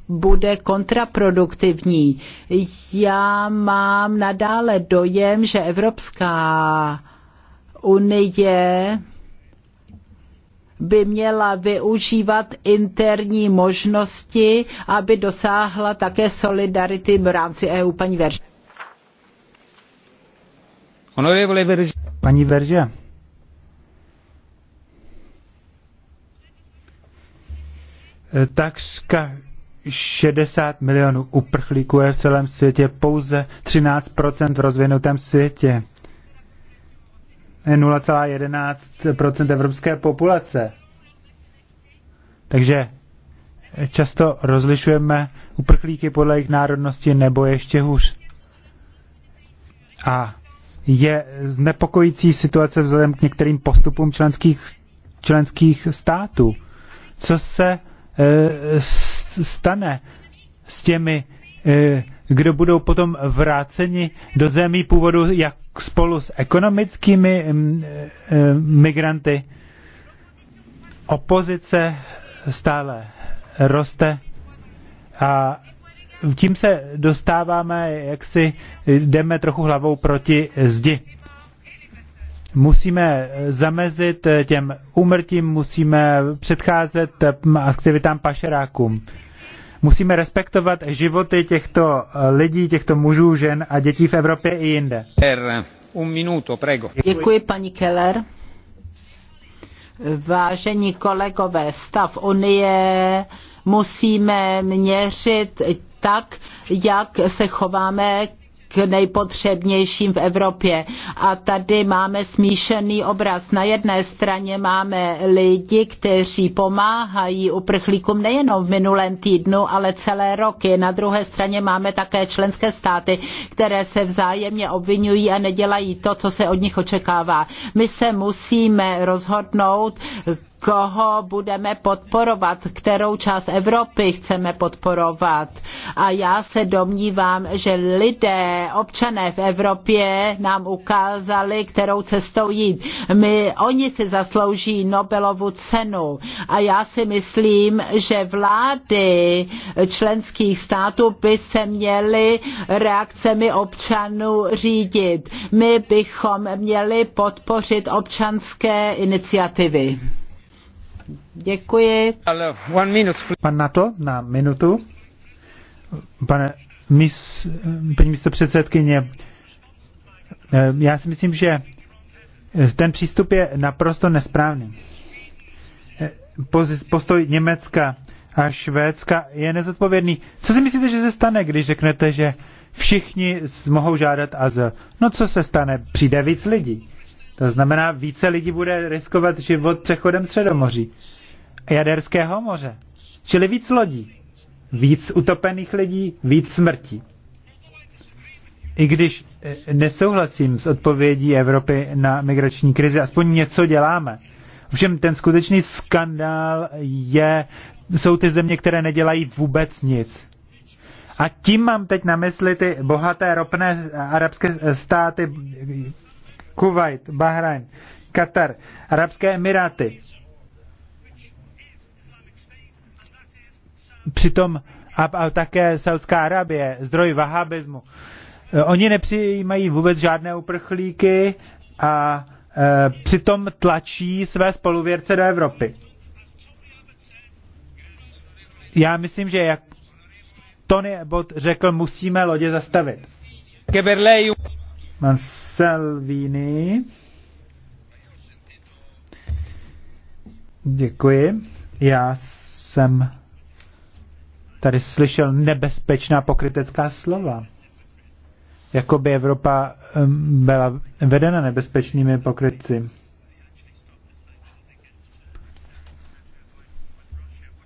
Speaker 1: bude kontraproduktivní. Já mám nadále dojem, že Evropská unie by měla využívat interní možnosti, aby dosáhla také solidarity v rámci EU. Paní
Speaker 2: Verže. Paní Verže. takřka 60 milionů uprchlíků je v celém světě, pouze 13% v rozvinutém světě. 0,11% evropské populace. Takže často rozlišujeme uprchlíky podle jejich národnosti nebo ještě hůř. A je znepokojící situace vzhledem k některým postupům členských, členských států. Co se Eh, stane s těmi, eh, kdo budou potom vráceni do zemí původu jak spolu s ekonomickými mm, eh, migranty. Opozice stále roste a tím se dostáváme, jak si jdeme trochu hlavou proti zdi musíme eh, zamezit eh, těm úmrtím, musíme předcházet eh, aktivitám pašerákům. Musíme respektovat životy těchto lidí, těchto mužů, žen a dětí v Evropě i jinde. Un minuto, prego. Děkuji,
Speaker 1: paní Keller. Vážení kolegové, stav Unie musíme měřit tak, jak se chováme k nejpotřebnějším v Evropě. A tady máme smíšený obraz. Na jedné straně máme lidi, kteří pomáhají uprchlíkům nejenom v minulém týdnu, ale celé roky. Na druhé straně máme také členské státy, které se vzájemně obvinují a nedělají to, co se od nich očekává. My se musíme rozhodnout, koho budeme podporovat, kterou část Evropy chceme podporovat. A já se domnívám, že lidé, občané v Evropě nám ukázali, kterou cestou jít. My, oni si zaslouží Nobelovu cenu. A já si myslím, že vlády členských států by se měly reakcemi občanů řídit. My bychom měli podpořit občanské iniciativy.
Speaker 2: Děkuji. Pan Nato na minutu. Pane mis, paní místo předsedkyně, eh, já si myslím, že ten přístup je naprosto nesprávný. Eh, postoj Německa a Švédska je nezodpovědný. Co si myslíte, že se stane, když řeknete, že všichni mohou žádat azyl? No co se stane? Přijde víc lidí. To znamená, více lidí bude riskovat život přechodem Středomoří, Jaderského moře. Čili víc lodí, víc utopených lidí, víc smrtí. I když eh, nesouhlasím s odpovědí Evropy na migrační krizi, aspoň něco děláme. Ovšem ten skutečný skandál je, jsou ty země, které nedělají vůbec nic. A tím mám teď na mysli ty bohaté ropné eh, arabské eh, státy, Kuwait, Bahrajn, Katar, Arabské Emiráty. Přitom a, a také Saudská Arabie, zdroj vahabismu. Eh, oni nepřijímají vůbec žádné uprchlíky a e, přitom tlačí své spoluvěrce do Evropy. Já myslím, že jak Tony Abbott řekl, musíme lodě zastavit. Pan Salvini. Děkuji. Já jsem tady slyšel nebezpečná pokrytecká slova. Jakoby Evropa byla vedena nebezpečnými pokrytci.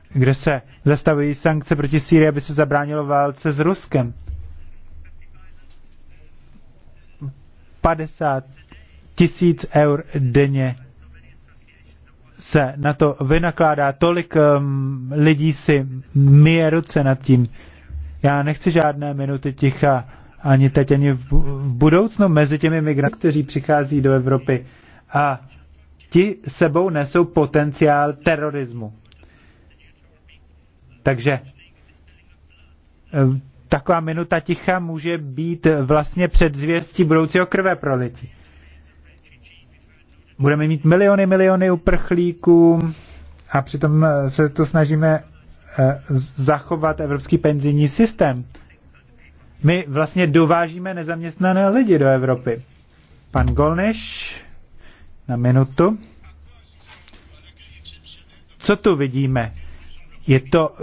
Speaker 2: Kde se zastavují sankce proti Sýrii, aby se zabránilo válce s Ruskem. 50 tisíc eur denně se na to vynakládá. Tolik um, lidí si myje ruce nad tím. Já nechci žádné minuty ticha ani teď, ani v, v budoucnu mezi těmi migranty, kteří přichází do Evropy. A ti sebou nesou potenciál terorismu. Takže taková minuta ticha může být vlastně před zvěstí budoucího krve lidi. Budeme mít miliony, miliony uprchlíků a přitom eh, se to snažíme eh, zachovat evropský penzijní systém. My vlastně dovážíme nezaměstnané lidi do Evropy. Pan Golneš, na minutu. Co tu vidíme? Je to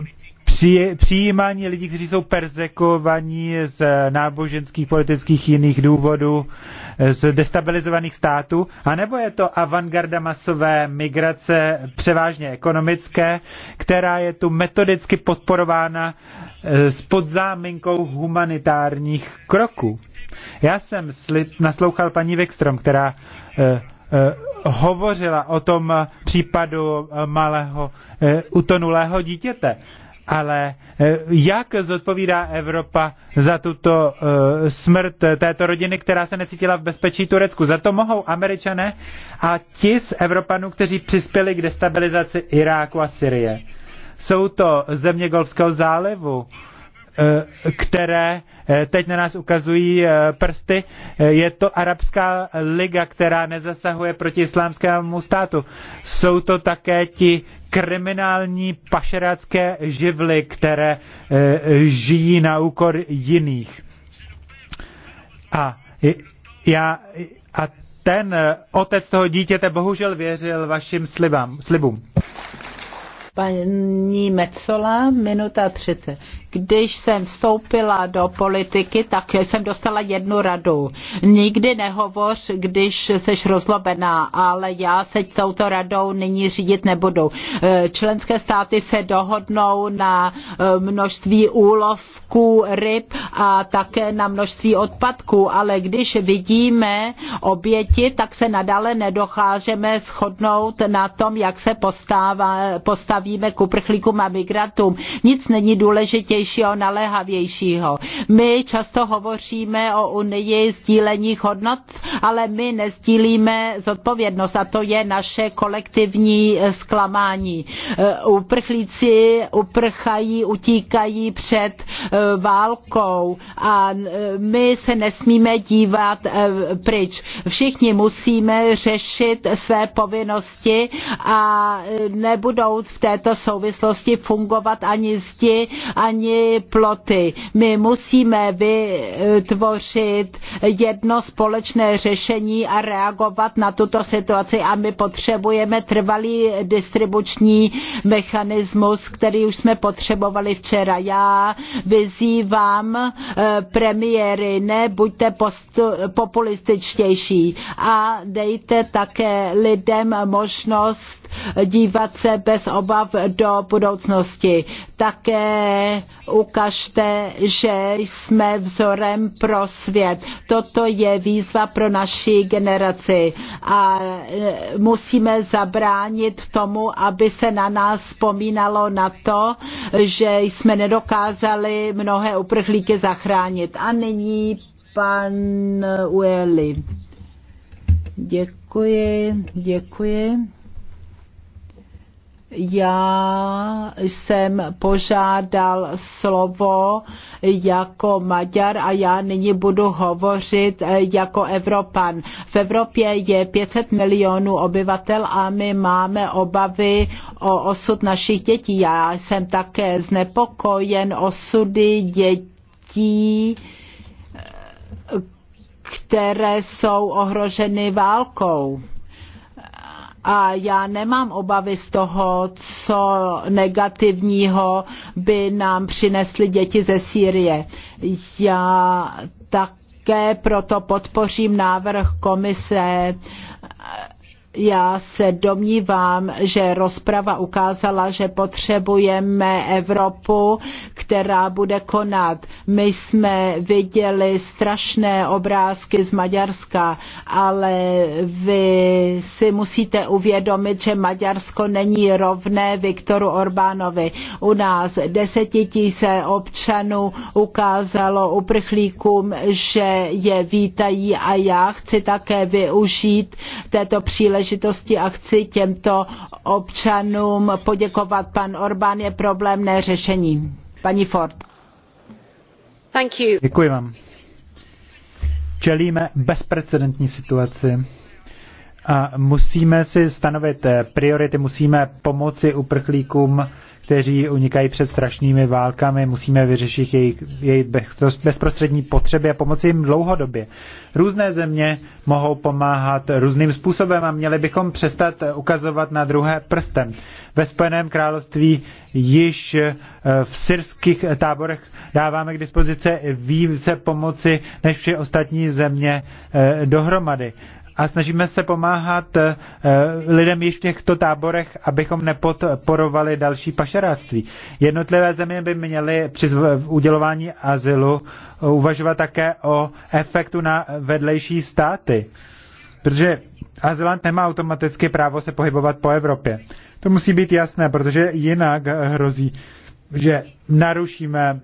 Speaker 2: při, přijímání lidí, kteří jsou perzekovaní z náboženských, politických jiných důvodů, z destabilizovaných států, anebo je to avantgarda masové migrace, převážně ekonomické, která je tu metodicky podporována eh, s podzáminkou humanitárních kroků. Já jsem naslouchal paní Wikstrom, která eh, eh, hovořila o tom případu malého utonulého dítěte ale eh, jak zodpovídá Evropa za tuto eh, smrt této rodiny, která se necítila v bezpečí Turecku? Za to mohou američané a ti z Evropanů, kteří přispěli k destabilizaci Iráku a Syrie. Jsou to země Golfského zálivu, Eh, které eh, teď na nás ukazují eh, prsty. Je to Arabská liga, která nezasahuje proti islámskému státu. Jsou to také ti kriminální pašerácké živly, které žijí na úkor jiných. A já a ten otec toho dítěte bohužel věřil vašim slibám, slibům.
Speaker 1: Paní Mecola, minuta 30. Když jsem vstoupila do politiky, tak jsem dostala jednu radu. Nikdy nehovoř, když jsi rozlobená, ale já se touto radou nyní řídit nebudu. Eh, členské státy se dohodnou na eh, množství úlovků ryb a také na množství odpadků, ale když vidíme oběti, tak se nadále nedocházeme shodnout na tom, jak se postává, postavíme k uprchlíkům a migrantům. Nic není důležitější důležitějšího, naléhavějšího. My často hovoříme o unii sdílení hodnot, ale my nezdílíme zodpovědnost a to je naše kolektivní eh, zklamání. Eh, uprchlíci uprchají, utíkají před eh, válkou a my se nesmíme dívat pryč. Všichni musíme řešit své povinnosti a nebudou v této souvislosti fungovat ani zdi, ani ploty. My musíme vytvořit jedno společné řešení a reagovat na tuto situaci a my potřebujeme trvalý distribuční mechanismus, který už jsme potřebovali včera. Já vyzývám eh, premiéry, ne buďte populističtější a dejte také lidem možnost dívat se bez obav do budoucnosti. Také ukažte, že jsme vzorem pro svět. Toto je výzva pro naši generaci a e, musíme zabránit tomu, aby se na nás vzpomínalo na to, že jsme nedokázali mnohé uprchlíky zachránit. A nyní pan Ueli. Děkuji, děkuji. Já jsem požádal slovo jako Maďar a já nyní budu hovořit eh, jako Evropan. V Evropě je 500 milionů obyvatel a my máme obavy o osud našich dětí. Já jsem také znepokojen osudy dětí, eh, které jsou ohroženy válkou a já nemám obavy z toho, co negativního by nám přinesly děti ze Sýrie. Já také proto podpořím návrh komise já se domnívám, že rozprava ukázala, že potřebujeme Evropu, která bude konat. My jsme viděli strašné obrázky z Maďarska, ale vy si musíte uvědomit, že Maďarsko není rovné Viktoru Orbánovi. U nás desetitíse občanů ukázalo uprchlíkům, že je vítají a já chci také využít této příležitosti příležitosti a chci těmto občanům poděkovat. Pan Orbán je problém, ne řešení. Paní Ford.
Speaker 2: Thank you. Děkuji vám. Čelíme bezprecedentní situaci. A musíme si stanovit eh, priority, musíme pomoci uprchlíkům kteří unikají před strašnými válkami, musíme vyřešit jejich, jejich bezprostřední potřeby a pomoci jim dlouhodobě. Různé země mohou pomáhat různým způsobem a měli bychom přestat ukazovat na druhé prstem. Ve Spojeném království již eh, v syrských táborech dáváme k dispozici více pomoci než vše ostatní země eh, dohromady a snažíme se pomáhat eh, lidem již v těchto táborech, abychom nepodporovali další pašeráctví. Jednotlivé země by měly při udělování azylu uvažovat také o efektu na vedlejší státy, protože azylant nemá automaticky právo se pohybovat po Evropě. To musí být jasné, protože jinak hrozí, že narušíme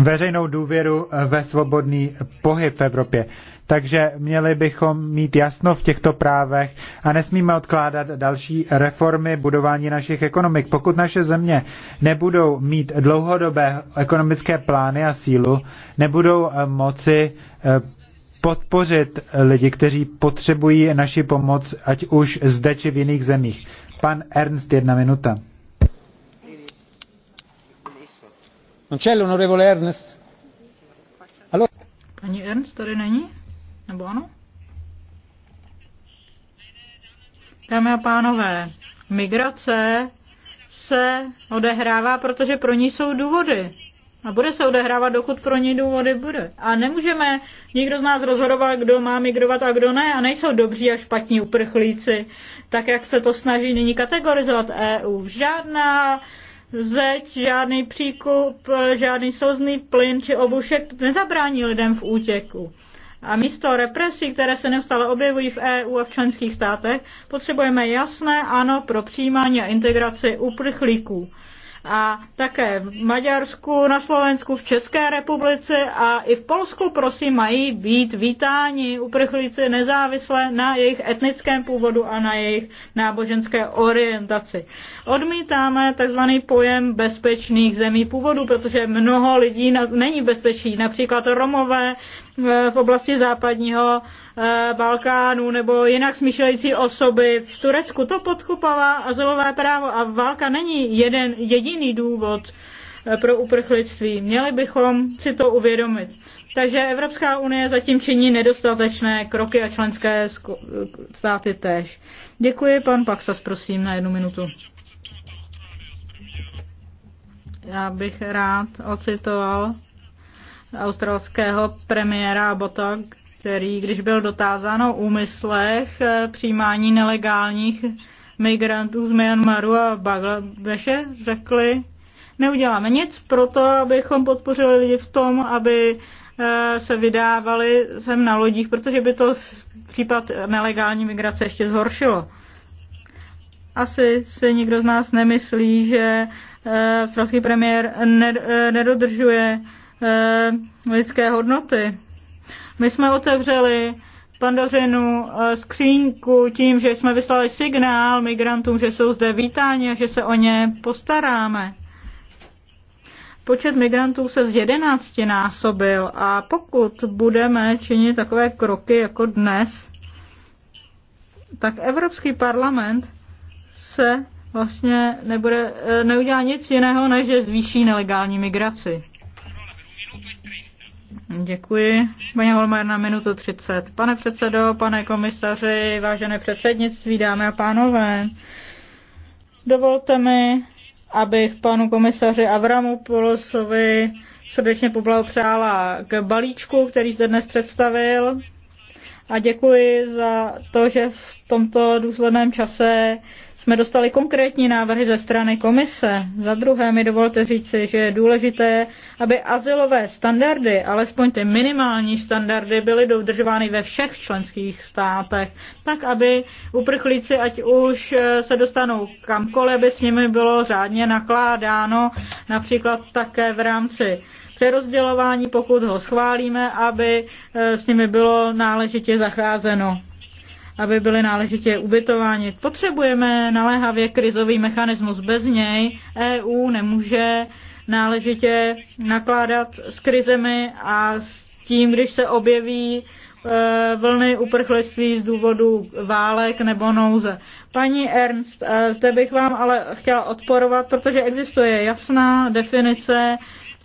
Speaker 2: veřejnou důvěru ve svobodný pohyb v Evropě takže měli bychom mít jasno v těchto právech a nesmíme odkládat další reformy budování našich ekonomik. Pokud naše země nebudou mít dlouhodobé ekonomické plány a sílu, nebudou eh, moci eh, podpořit lidi, kteří potřebují naši pomoc, ať už zde či v jiných zemích. Pan Ernst, jedna minuta. Non c'è l'onorevole Ernst? Allora...
Speaker 3: Pani Ernst tady není? Nebo ano? Dámy a pánové, migrace se odehrává, protože pro ní jsou důvody. A bude se odehrávat, dokud pro ní důvody bude. A nemůžeme nikdo z nás rozhodovat, kdo má migrovat a kdo ne. A nejsou dobří a špatní uprchlíci, tak jak se to snaží nyní kategorizovat EU. Žádná zeď, žádný příkup, žádný slzný plyn či obušek nezabrání lidem v útěku. A místo represí, které se neustále objevují v EU a v členských státech, potřebujeme jasné ano pro přijímání a integraci uprchlíků a také v Maďarsku, na Slovensku, v České republice a i v Polsku prosím mají být vítáni uprchlíci nezávisle na jejich etnickém původu a na jejich náboženské orientaci. Odmítáme tzv. pojem bezpečných zemí původu, protože mnoho lidí není bezpečí, například Romové eh, v oblasti západního Eh, Balkánu nebo jinak smýšlející osoby v Turecku. To podkopává azylové právo a válka není jeden jediný důvod eh, pro uprchlictví. Měli bychom si to uvědomit. Takže Evropská unie zatím činí nedostatečné kroky a členské státy též. Děkuji, pan Paxas, prosím, na jednu minutu. Já bych rád ocitoval australského premiéra Bota, který, když byl dotázán o úmyslech eh, přijímání nelegálních migrantů z Myanmaru a Bangladeše, řekli, neuděláme nic pro to, abychom podpořili lidi v tom, aby eh, se vydávali sem na lodích, protože by to případ nelegální migrace ještě zhoršilo. Asi se nikdo z nás nemyslí, že eh, australský premiér nedodržuje lidské hodnoty. My jsme otevřeli pandořinu eh, skřínku tím, že jsme vyslali signál migrantům, že jsou zde vítáni a že se o ně postaráme. Počet migrantů se z 11 násobil a pokud budeme činit takové kroky jako dnes, tak Evropský parlament se vlastně nebude, eh, neudělá nic jiného, než že zvýší nelegální migraci. Děkuji. Paní Holmer na minutu 30. Pane předsedo, pane komisaři, vážené předsednictví, dámy a pánové, dovolte mi, abych panu komisaři Avramu Polosovi srdečně poblahopřála k balíčku, který zde dnes představil. A děkuji za to, že v tomto důsledném čase jsme dostali konkrétní návrhy ze strany komise. Za druhé mi dovolte říci, že je důležité, aby asilové standardy, alespoň ty minimální standardy, byly dodržovány ve všech členských státech, tak aby uprchlíci, ať už eh, se dostanou kamkoliv, aby s nimi bylo řádně nakládáno, například také v rámci přerozdělování, pokud ho schválíme, aby eh, s nimi bylo náležitě zacházeno aby byli náležitě ubytováni. Potřebujeme naléhavě krizový mechanismus. Bez něj EU nemůže náležitě nakládat s krizemi a s tím, když se objeví e, vlny uprchlictví z důvodu válek nebo nouze. Paní Ernst, e, zde bych vám ale chtěla odporovat, protože existuje jasná definice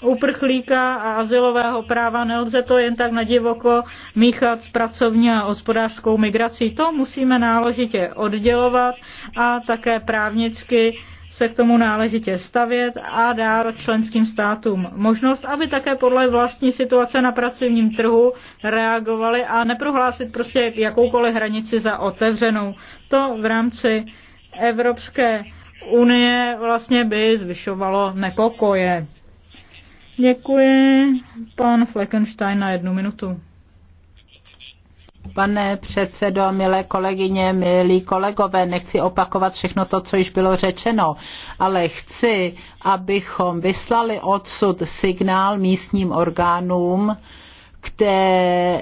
Speaker 3: uprchlíka a asilového práva nelze to jen tak nadivoko míchat s pracovní a hospodářskou migrací. To musíme náležitě oddělovat a také právnicky se k tomu náležitě stavět a dát členským státům možnost, aby také podle vlastní situace na pracovním trhu reagovali a neprohlásit prostě jakoukoliv hranici za otevřenou. To v rámci Evropské unie vlastně by zvyšovalo nepokoje. Děkuji. Pan Fleckenstein na jednu minutu. Pane předsedo, milé kolegyně, milí
Speaker 1: kolegové, nechci opakovat všechno to, co již bylo řečeno, ale chci, abychom vyslali odsud signál místním orgánům, které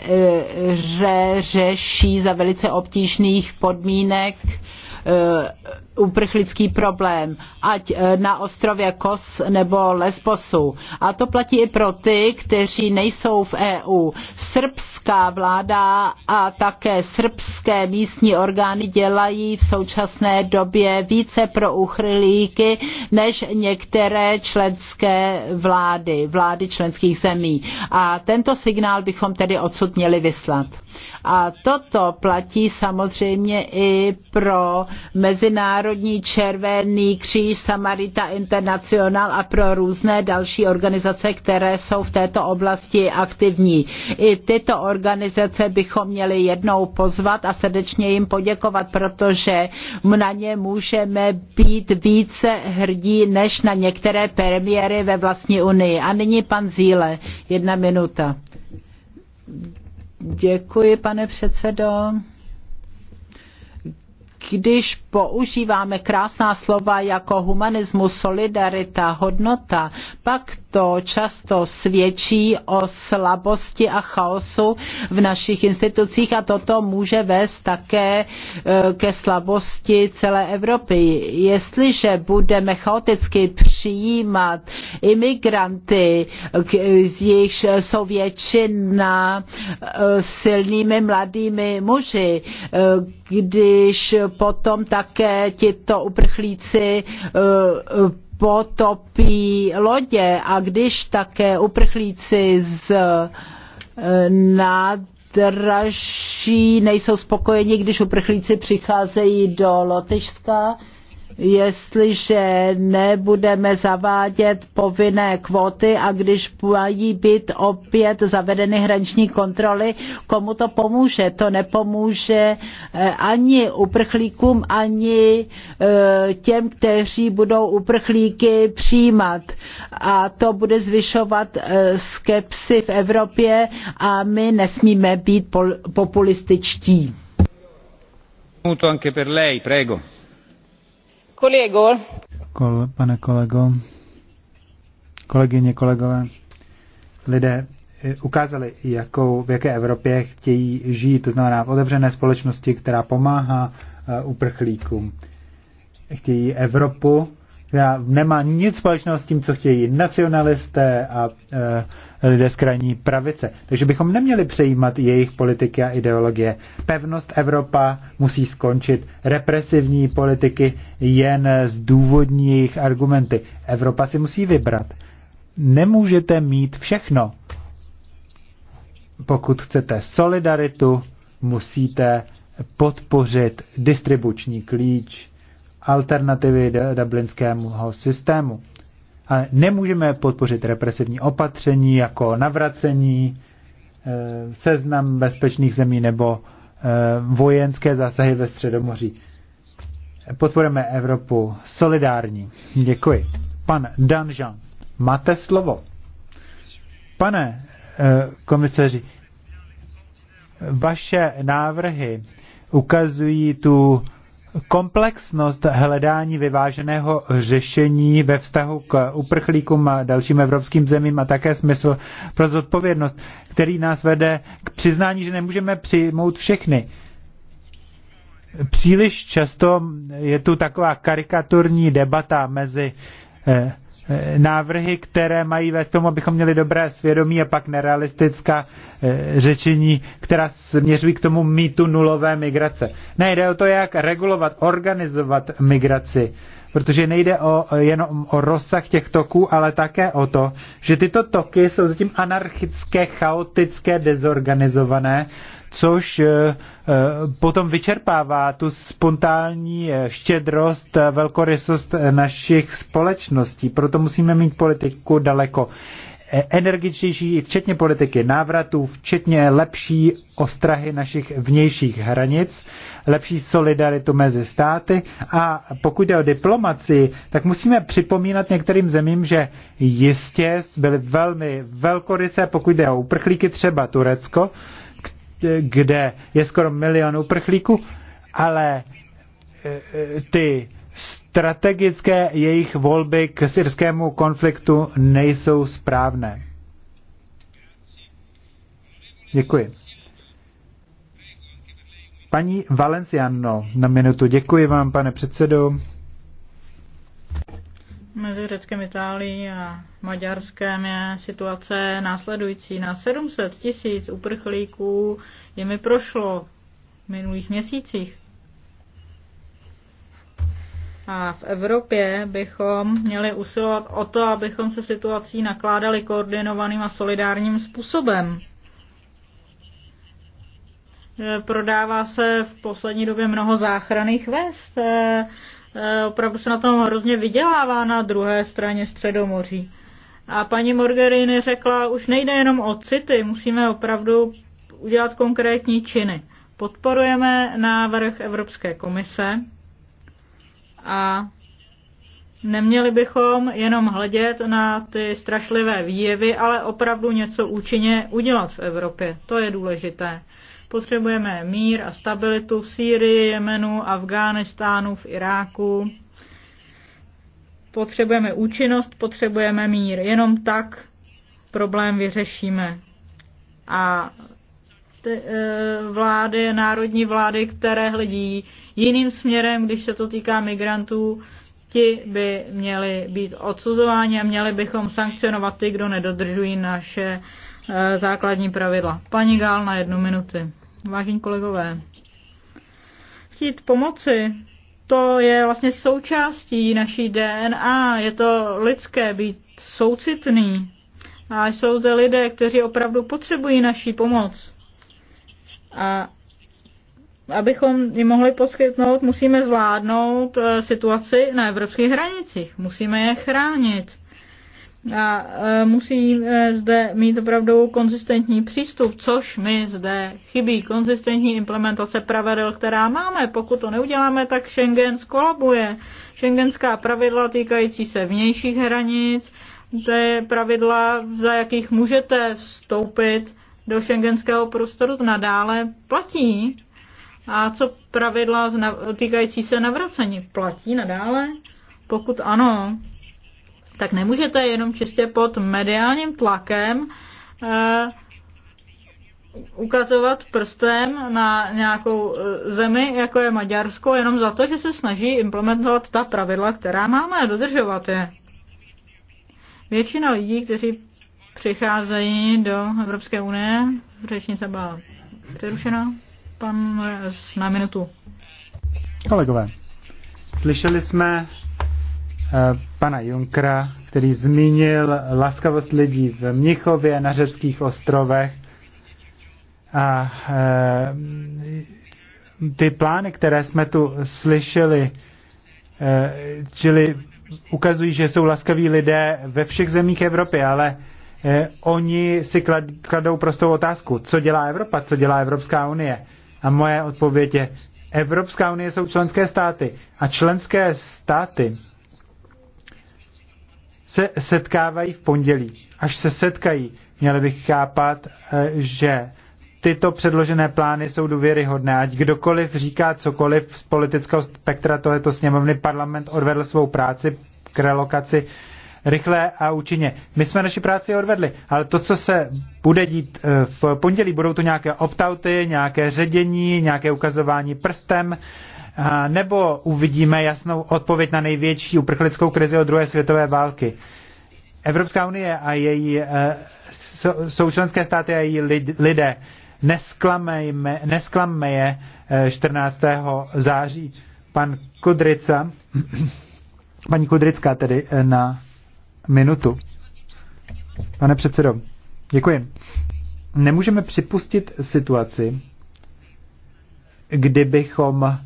Speaker 1: řeší za velice obtížných podmínek eh, uprchlický problém, ať eh, na ostrově Kos nebo Lesbosu. A to platí i pro ty, kteří nejsou v EU. Srbská vláda a také srbské místní orgány dělají v současné době více pro uchrlíky než některé členské vlády, vlády členských zemí. A tento signál bychom tedy odsud měli vyslat. A toto platí samozřejmě i pro mezinárodní Mezinárodní červený kříž, Samarita International a pro různé další organizace, které jsou v této oblasti aktivní. I tyto organizace bychom měli jednou pozvat a srdečně jim poděkovat, protože na ně můžeme být více hrdí než na některé premiéry ve vlastní unii. A nyní pan Zíle, jedna minuta. Děkuji, pane předsedo. Když používáme krásná slova jako humanismus, solidarita, hodnota, pak to často svědčí o slabosti a chaosu v našich institucích a toto může vést také e, ke slabosti celé Evropy. Jestliže budeme chaoticky přijímat imigranty, z jejich jsou většina e, silnými mladými muži, e, když potom ta také tito uprchlíci eh, potopí lodě a když také uprchlíci z eh, nad nejsou spokojeni, když uprchlíci přicházejí do Lotyšska, jestliže nebudeme zavádět povinné kvóty a když mají být opět zavedeny hraniční kontroly, komu to pomůže? To nepomůže eh, ani uprchlíkům, ani eh, těm, kteří budou uprchlíky přijímat. A to bude zvyšovat eh, skepsy v Evropě a my nesmíme být populističtí.
Speaker 2: anche per lei, prego. Kolego. Kol, pane kolego, kolegyně, kolegové, lidé eh, ukázali, jakou, v jaké Evropě chtějí žít, to znamená v otevřené společnosti, která pomáhá eh, uprchlíkům. Chtějí Evropu, která nemá nic společného s tím, co chtějí nacionalisté a e, lidé z krajní pravice. Takže bychom neměli přejímat jejich politiky a ideologie. Pevnost Evropa musí skončit. Represivní politiky jen důvodní jejich argumenty. Evropa si musí vybrat. Nemůžete mít všechno. Pokud chcete solidaritu, musíte podpořit distribuční klíč, alternativy dublinskému systému. A nemůžeme podpořit represivní opatření jako navracení, e, seznam bezpečných zemí nebo e, vojenské zásahy ve Středomoří. Podporujeme Evropu solidární. Děkuji. Pan Danžan, máte slovo. Pane e, komisaři, vaše návrhy ukazují tu komplexnost hledání vyváženého řešení ve vztahu k uprchlíkům a dalším evropským zemím a také smysl pro zodpovědnost, který nás vede k přiznání, že nemůžeme přijmout všechny. Příliš často je tu taková karikaturní debata mezi eh, Eh, návrhy, které mají vést tomu, abychom měli dobré svědomí a pak nerealistická eh, řečení, která směřují k tomu mýtu nulové migrace. Nejde o to, jak regulovat, organizovat migraci, protože nejde o, jenom o rozsah těch toků, ale také o to, že tyto toky jsou zatím anarchické, chaotické, dezorganizované což eh, eh, potom vyčerpává tu spontánní eh, štědrost, velkorysost našich společností. Proto musíme mít politiku daleko energičtější, včetně politiky návratů, včetně lepší ostrahy našich vnějších hranic, lepší solidaritu mezi státy a pokud jde o diplomaci, tak musíme připomínat některým zemím, že jistě byly velmi velkoryse, pokud jde o uprchlíky, třeba Turecko, kde je skoro milion uprchlíků, ale e, e, ty strategické jejich volby k syrskému konfliktu nejsou správné. Děkuji. Paní Valenciano, na minutu. Děkuji vám, pane předsedo
Speaker 3: mezi Řeckem, Itálií a Maďarskem je situace následující. Na 700 tisíc uprchlíků jimi prošlo v minulých měsících. A v Evropě bychom měli usilovat o to, abychom se situací nakládali koordinovaným a solidárním způsobem. Prodává se v poslední době mnoho záchranných vest Eh, opravdu se na tom hrozně vydělává na druhé straně Středomoří. A paní Morgerini řekla, už nejde jenom o city, musíme opravdu udělat konkrétní činy. Podporujeme návrh Evropské komise a neměli bychom jenom hledět na ty strašlivé výjevy, ale opravdu něco účinně udělat v Evropě. To je důležité. Potřebujeme mír a stabilitu v Sýrii, Jemenu, Afghánistánu, v Iráku. Potřebujeme účinnost, potřebujeme mír. Jenom tak problém vyřešíme. A e, vlády, národní vlády, které hledí jiným směrem, když se to týká migrantů, ti by měli být odsuzováni a měli bychom sankcionovat ty, kdo nedodržují naše e, základní pravidla. Paní Gál na jednu minutu vážení kolegové, chtít pomoci, to je vlastně součástí naší DNA, je to lidské být soucitný. A jsou zde lidé, kteří opravdu potřebují naší pomoc. A abychom ji mohli poskytnout, musíme zvládnout eh, situaci na evropských hranicích. Musíme je chránit a e, musí e, zde mít opravdu konzistentní přístup, což mi zde chybí. Konzistentní implementace pravidel, která máme. Pokud to neuděláme, tak Schengen skolabuje. Schengenská pravidla týkající se vnějších hranic, to je pravidla, za jakých můžete vstoupit do šengenského prostoru, nadále platí. A co pravidla týkající se navracení platí nadále? Pokud ano, tak nemůžete jenom čistě pod mediálním tlakem eh, ukazovat prstem na nějakou eh, zemi, jako je Maďarsko, jenom za to, že se snaží implementovat ta pravidla, která máme a dodržovat je. Většina lidí, kteří přicházejí do Evropské unie, řečnice byla přerušena, pan na minutu.
Speaker 2: Kolegové, slyšeli jsme Eh, pana Junkra, který zmínil laskavost lidí v Mnichově na řeckých ostrovech a eh, ty plány, které jsme tu slyšeli, eh, čili ukazují, že jsou laskaví lidé ve všech zemích Evropy, ale oni si kladou prostou otázku, co dělá Evropa, co dělá Evropská unie. A moje odpověď je, Evropská unie jsou členské státy a členské státy se setkávají v pondělí. Až se setkají, měli bych chápat, eh, že tyto předložené plány jsou důvěryhodné. Ať kdokoliv říká cokoliv z politického spektra tohoto sněmovny, parlament odvedl svou práci k relokaci rychle a účinně. My jsme naši práci odvedli, ale to, co se bude dít eh, v pondělí, budou to nějaké optauty, nějaké ředění, nějaké ukazování prstem, nebo uvidíme jasnou odpověď na největší uprchlickou krizi od druhé světové války. Evropská unie a její e, součlenské státy a její lidé nesklamme je 14. E, září. Pan Kudrica, paní Kudrická tedy e, na minutu. Pane předsedo, děkuji. Nemůžeme připustit situaci, kdybychom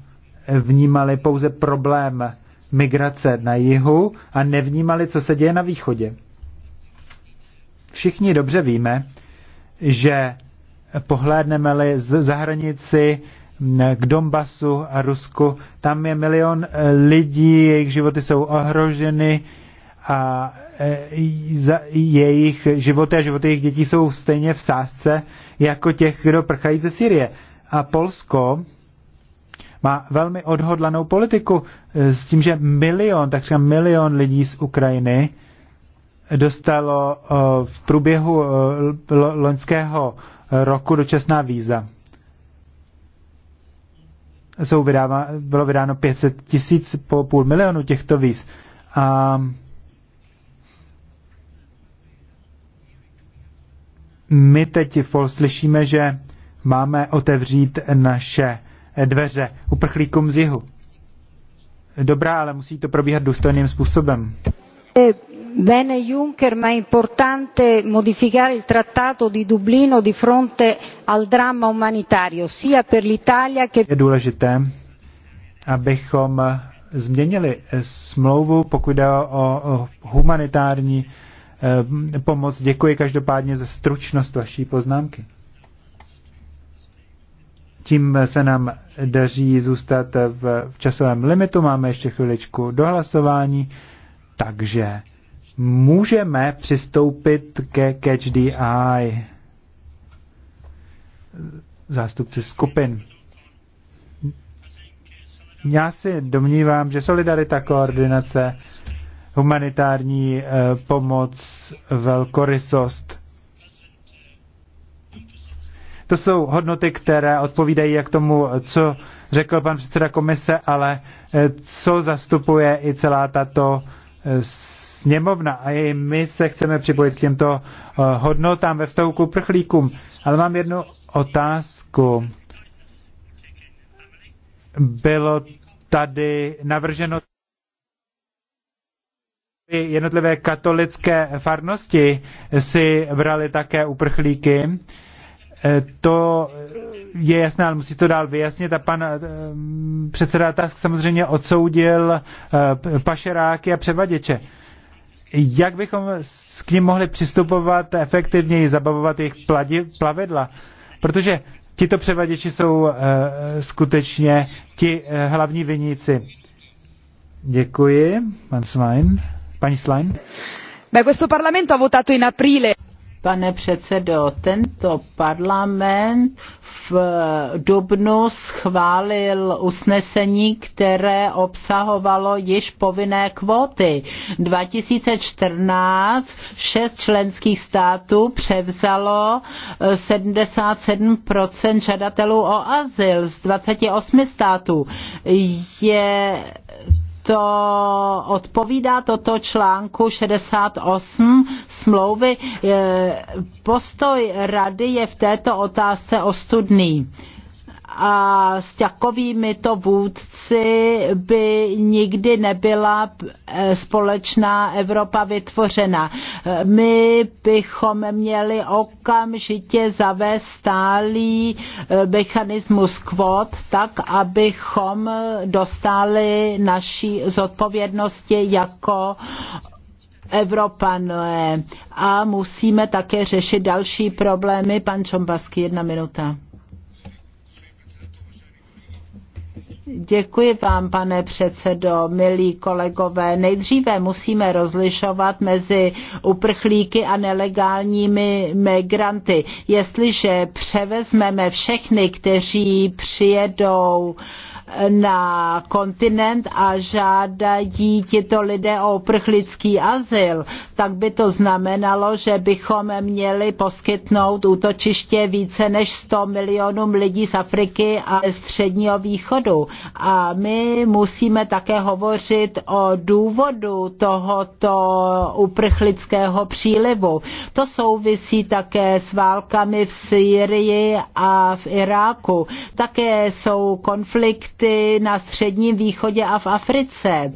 Speaker 2: vnímali pouze problém migrace na jihu a nevnímali, co se děje na východě. Všichni dobře víme, že pohlédneme-li za hranici k Donbasu a Rusku, tam je milion e, lidí, jejich životy jsou ohroženy a e, jejich životy a životy jejich dětí jsou stejně v sázce jako těch, kdo prchají ze Syrie. A Polsko má velmi odhodlanou politiku eh, s tím, že milion, takřka milion lidí z Ukrajiny dostalo eh, v průběhu eh, loňského roku dočasná víza. Jsou vydává, bylo vydáno 500 tisíc po půl milionu těchto víz. A my teď v Pol slyšíme, že máme otevřít naše dveře uprchlíkům z jihu. Dobrá, ale musí to probíhat důstojným způsobem.
Speaker 1: Eh, bene Juncker, ma è importante modificare il trattato di Dublino di fronte al dramma umanitario, sia per l'Italia che...
Speaker 2: Je důležité, abychom změnili smlouvu, pokud jde o, o humanitární eh, pomoc. Děkuji každopádně za stručnost vaší poznámky. Tím se nám daří zůstat v, v časovém limitu. Máme ještě chviličku do hlasování, takže můžeme přistoupit ke Catch the Eye. Zástupci skupin. Já si domnívám, že solidarita, koordinace, humanitární eh, pomoc, velkorysost, to jsou hodnoty, které odpovídají jak tomu, co řekl pan předseda komise, ale eh, co zastupuje i celá tato eh, sněmovna. A i my se chceme připojit k těmto eh, hodnotám ve vztahu k uprchlíkům. Ale mám jednu otázku. Bylo tady navrženo jednotlivé katolické farnosti si brali také uprchlíky Eh, to je jasné, ale musí to dál vyjasnit. A pan eh, předseda Task samozřejmě odsoudil eh, pašeráky a převaděče. Jak bychom k ním mohli přistupovat efektivněji, zabavovat jejich plavidla? Protože tito převaděči jsou skutečně ti hlavní viníci. Děkuji, pan Slein. Paní Slein. Beh,
Speaker 1: questo Parlamento ha votato in aprile Pane předsedo, tento parlament v Dubnu schválil usnesení, které obsahovalo již povinné kvóty. 2014 šest členských států převzalo 77% žadatelů o azyl z 28 států. Je to odpovídá toto článku 68 smlouvy. E, postoj rady je v této otázce ostudný a s takovými to vůdci by nikdy nebyla eh, společná Evropa vytvořena. My bychom měli okamžitě zavést stálý eh, mechanismus kvot, tak abychom dostali naší zodpovědnosti jako Evropané. A musíme také řešit další problémy. Pan Čombasky, jedna minuta. Děkuji vám, pane předsedo, milí kolegové. Nejdříve musíme rozlišovat mezi uprchlíky a nelegálními migranty. Jestliže převezmeme všechny, kteří přijedou uh, na kontinent a žádají tito lidé o prchlický azyl, tak by to znamenalo, že bychom měli poskytnout útočiště více než 100 milionům lidí z Afriky a středního východu. A my musíme také hovořit o důvodu tohoto uprchlického přílivu. To souvisí také s válkami v Syrii a v Iráku. Také jsou konflikty konflikty na Středním východě a v Africe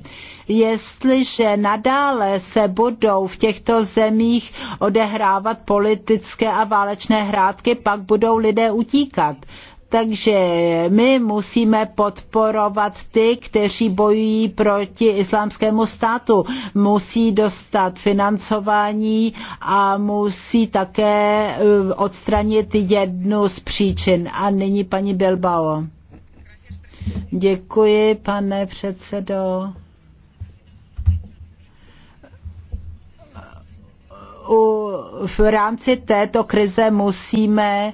Speaker 1: jestliže nadále se budou v těchto zemích odehrávat politické a válečné hrátky, pak budou lidé utíkat. Takže my musíme podporovat ty, kteří bojují proti islámskému státu. Musí dostat financování a musí také eh, odstranit jednu z příčin. A nyní paní Bilbao. Děkuji, pane předsedo. v rámci této krize musíme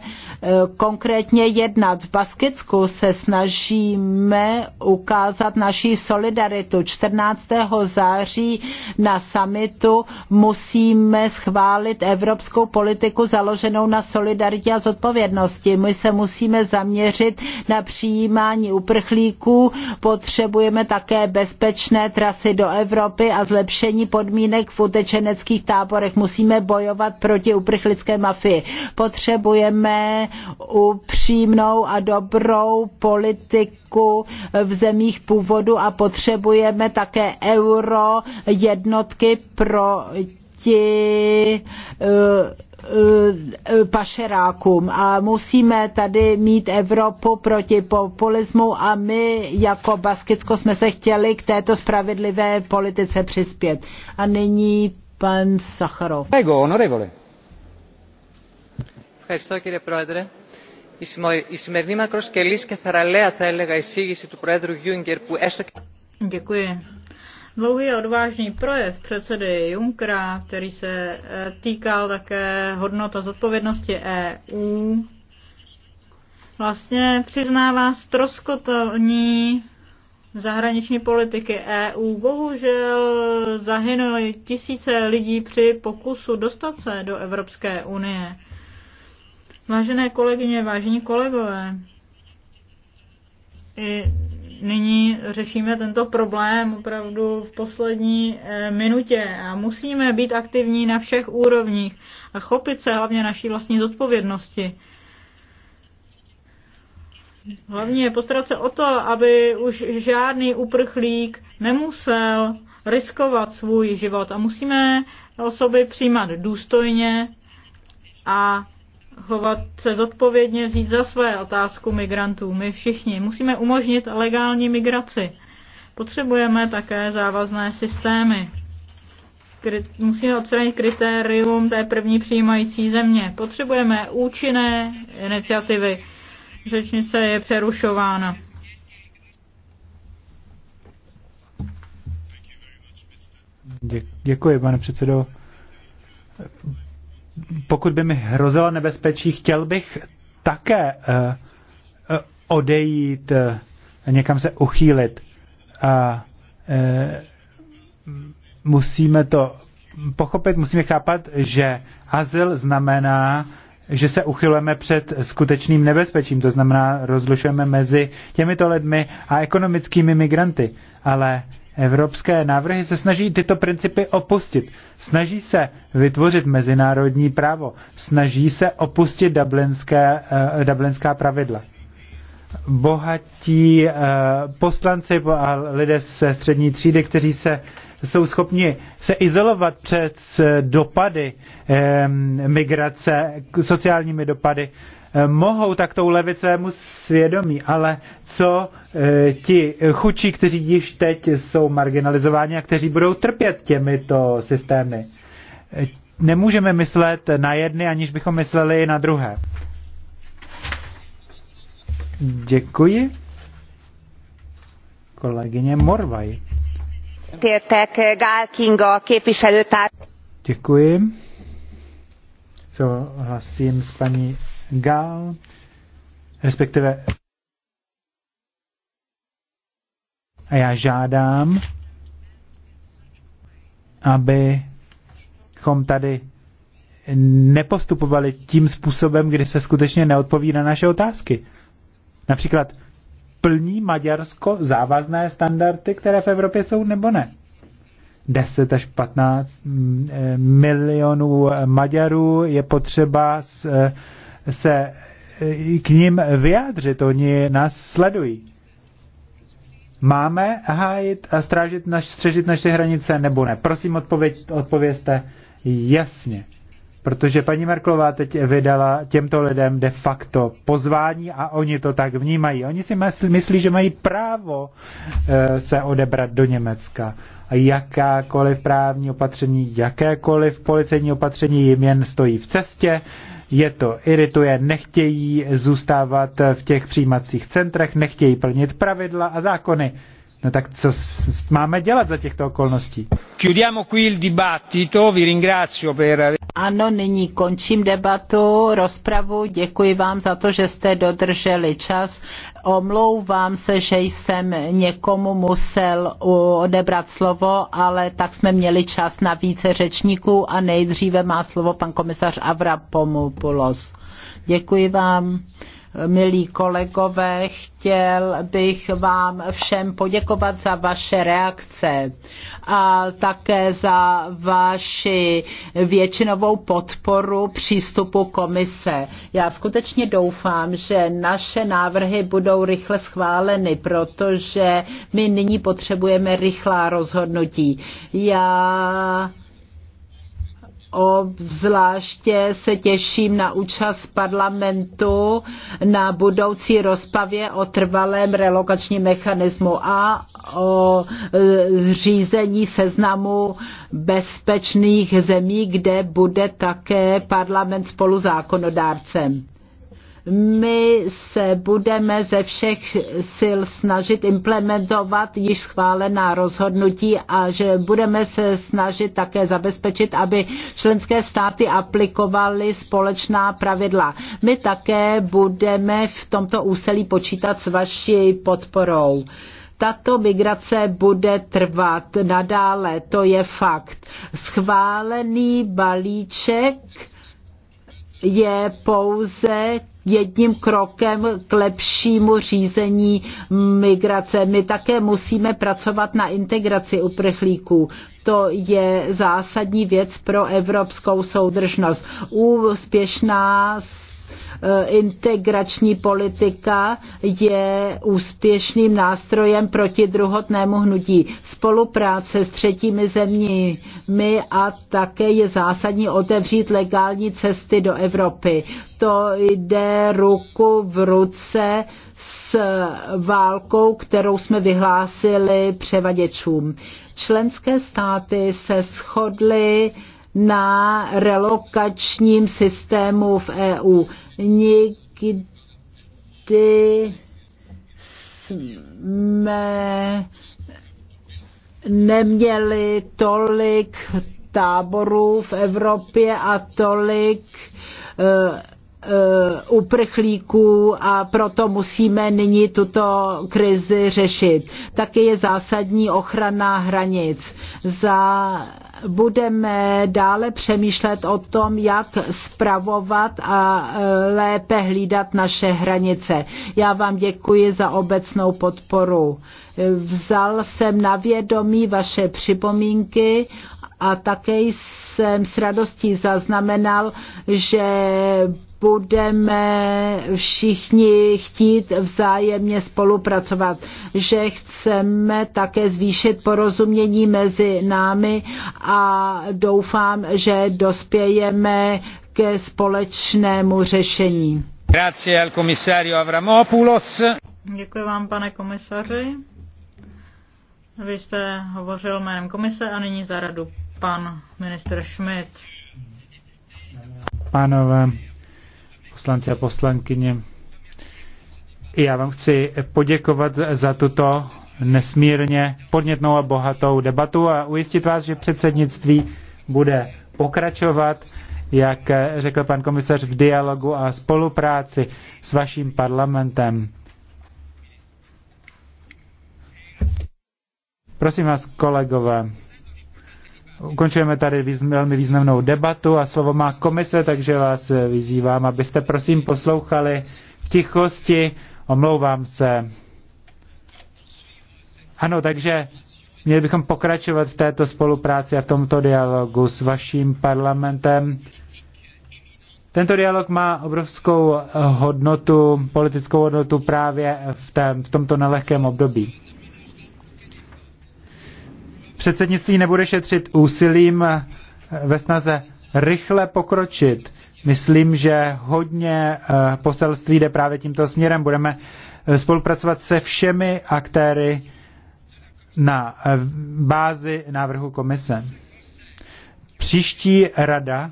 Speaker 1: konkrétně jednat. V Baskicku se snažíme ukázat naší solidaritu. 14. září na summitu musíme schválit evropskou politiku založenou na solidaritě a zodpovědnosti. My se musíme zaměřit na přijímání uprchlíků, potřebujeme také bezpečné trasy do Evropy a zlepšení podmínek v utečeneckých táborech. Musíme bojovat proti uprchlické mafii. Potřebujeme upřímnou a dobrou politiku v zemích původu a potřebujeme také euro jednotky proti eh, eh, pašerákům a musíme tady mít Evropu proti populismu a my jako Baskicko jsme se chtěli k této spravedlivé politice přispět. A nyní pan
Speaker 2: Sacharov. Prego, onorevole κύριε πρόεδρε
Speaker 3: η σημερινή μακροσκελής και θαραλέα θα έλεγα εισήγηση του Προέδρου Γιούγκερ που έστω Děkuji. Dlouhý a odvážný projev předsedy Junckera, který se eh, týkal také hodnot a zodpovědnosti EU, vlastně přiznává stroskotání zahraniční politiky EU. Bohužel zahynuly tisíce lidí při pokusu dostat se do Evropské unie. Vážené kolegyně, vážení kolegové, i nyní řešíme tento problém opravdu v poslední eh, minutě a musíme být aktivní na všech úrovních a chopit se hlavně naší vlastní zodpovědnosti. Hlavně je postarat se o to, aby už žádný uprchlík nemusel riskovat svůj život a musíme osoby přijímat důstojně a chovat se zodpovědně, vzít za své otázku migrantů. My všichni musíme umožnit legální migraci. Potřebujeme také závazné systémy. Musíme odstranit kritérium té první přijímající země. Potřebujeme účinné iniciativy. Řečnice je přerušována.
Speaker 2: Děkuji, pane předsedo pokud by mi hrozila nebezpečí, chtěl bych také eh, eh, odejít, eh, někam se uchýlit. A musíme to pochopit, musíme chápat, že azyl znamená, že se uchylujeme před skutečným nebezpečím, to znamená rozlušujeme mezi těmito lidmi a ekonomickými migranty. Ale Evropské návrhy se snaží tyto principy opustit. Snaží se vytvořit mezinárodní právo. Snaží se opustit dublinské, uh, dublinská pravidla. Bohatí uh, poslanci a lidé ze střední třídy, kteří se jsou schopni se izolovat před dopady eh, migrace, sociálními dopady mohou takto ulevit svému svědomí, ale co eh, ti chučí, kteří již teď jsou marginalizováni a kteří budou trpět těmito systémy? Eh, nemůžeme myslet na jedny, aniž bychom mysleli na druhé. Děkuji. Kolegyně Morvaj. Děkuji. Souhlasím s paní Gál, respektive a já žádám, abychom tady nepostupovali tím způsobem, kdy se skutečně neodpoví na naše otázky. Například, plní Maďarsko závazné standardy, které v Evropě jsou, nebo ne? 10 až 15 mm, eh, milionů Maďarů je potřeba s eh, se eh, k ním vyjádřit, oni nás sledují. Máme hájit a strážit naš, střežit naše hranice nebo ne? Prosím, odpověď, odpovězte jasně. Protože paní Merklová teď vydala těmto lidem de facto pozvání a oni to tak vnímají. Oni si myslí, myslí že mají právo e, se odebrat do Německa. A jakákoliv právní opatření, jakékoliv policejní opatření jim jen stojí v cestě je to irituje, nechtějí zůstávat v těch přijímacích centrech, nechtějí plnit pravidla a zákony. No tak co máme dělat za těchto okolností? Chiudiamo qui il dibattito, vi ringrazio per...
Speaker 1: Ano, nyní končím debatu, rozpravu. Děkuji vám za to, že jste dodrželi čas. Omlouvám se, že jsem někomu musel odebrat slovo, ale tak jsme měli čas na více řečníků a nejdříve má slovo pan komisař Avra Pomopoulos. Děkuji vám milí kolegové, chtěl bych vám všem poděkovat za vaše reakce a také za vaši většinovou podporu přístupu komise. Já skutečně doufám, že naše návrhy budou rychle schváleny, protože my nyní potřebujeme rychlá rozhodnutí. Já Obzvláště se těším na účast parlamentu na budoucí rozpavě o trvalém relokačním mechanismu a o e, řízení seznamu bezpečných zemí, kde bude také parlament spoluzákonodárcem my se budeme ze všech sil snažit implementovat již schválená rozhodnutí a že budeme se snažit také zabezpečit, aby členské státy aplikovaly společná pravidla. My také budeme v tomto úsilí počítat s vaší podporou tato migrace bude trvat nadále, to je fakt. Schválený balíček je pouze jedním krokem k lepšímu řízení migrace. My také musíme pracovat na integraci uprchlíků. To je zásadní věc pro evropskou soudržnost. Úspěšná Eh, integrační politika je úspěšným nástrojem proti druhotnému hnutí. Spolupráce s třetími zeměmi a také je zásadní otevřít legální cesty do Evropy. To jde ruku v ruce s válkou, kterou jsme vyhlásili převaděčům. Členské státy se shodly na relokačním systému v EU. Nikdy jsme neměli tolik táborů v Evropě a tolik uh, uh, uprchlíků a proto musíme nyní tuto krizi řešit. Taky je zásadní ochrana hranic. Za budeme dále přemýšlet o tom, jak spravovat a e, lépe hlídat naše hranice. Já vám děkuji za obecnou podporu. E, vzal jsem na vědomí vaše připomínky a také jsem s radostí zaznamenal, že budeme všichni chtít vzájemně spolupracovat, že chceme také zvýšit porozumění mezi námi a doufám, že dospějeme ke společnému řešení.
Speaker 3: Děkuji vám, pane komisaři. Vy jste hovořil jménem komise a nyní za radu pan minister Schmidt.
Speaker 2: Pánové, poslanci a poslankyně, já vám chci poděkovat za tuto nesmírně podnětnou a bohatou debatu a ujistit vás, že předsednictví bude pokračovat, jak řekl pan komisař, v dialogu a spolupráci s vaším parlamentem. Prosím vás, kolegové, Ukončujeme tady velmi významnou debatu a slovo má komise, takže vás eh, vyzývám, abyste prosím poslouchali v tichosti. Omlouvám se. Ano, takže měli bychom pokračovat v této spolupráci a v tomto dialogu s vaším parlamentem. Tento dialog má obrovskou eh, hodnotu, politickou hodnotu právě v, tém, v tomto nelehkém období. Předsednictví nebude šetřit úsilím eh, ve snaze rychle pokročit. Myslím, že hodně eh, poselství jde právě tímto směrem. Budeme eh, spolupracovat se všemi aktéry na bázi návrhu komise. Příští rada,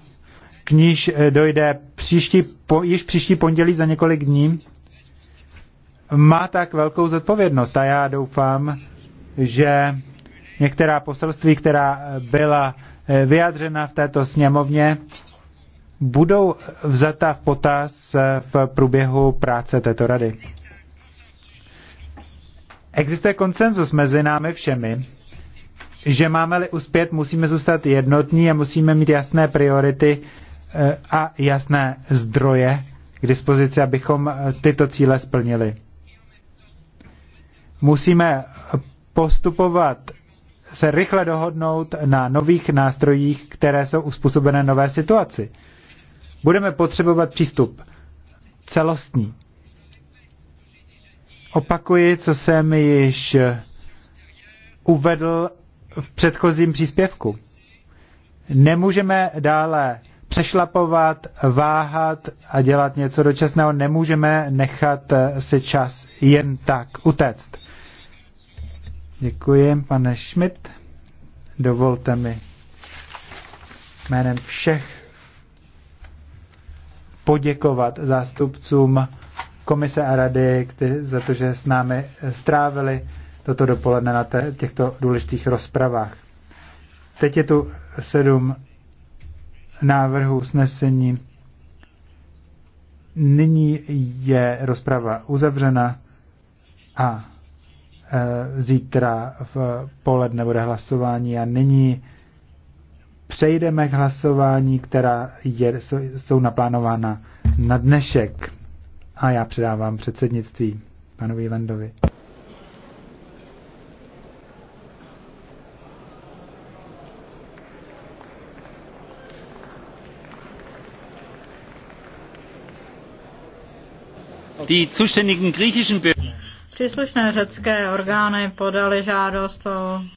Speaker 2: k níž dojde příští, po, již příští pondělí za několik dní, má tak velkou zodpovědnost a já doufám, že některá poselství, která eh, byla eh, vyjádřena v této sněmovně, budou vzata v potaz eh, v průběhu práce této rady. Existuje konsenzus mezi námi všemi, že máme-li uspět, musíme zůstat jednotní a musíme mít jasné priority a jasné zdroje k dispozici, abychom tyto cíle splnili. Musíme postupovat se rychle dohodnout na nových nástrojích, které jsou uspůsobené nové situaci. Budeme potřebovat přístup celostní. Opakuji, co jsem již uvedl v předchozím příspěvku. Nemůžeme dále přešlapovat, váhat a dělat něco dočasného. Nemůžeme nechat si čas jen tak utéct. Děkuji, pane Schmidt. Dovolte mi jménem všech poděkovat zástupcům komise a rady kteří, za to, že s námi strávili toto dopoledne na těchto důležitých rozpravách. Teď je tu sedm návrhů usnesení. Nyní je rozprava uzavřena a Eh, zítra v poledne bude hlasování a nyní přejdeme k hlasování, která je, jsou naplánována na dnešek. A já předávám předsednictví panu Wielandovi. Die zuständigen griechischen Behörden
Speaker 3: Příslušné řecké orgány podaly žádost o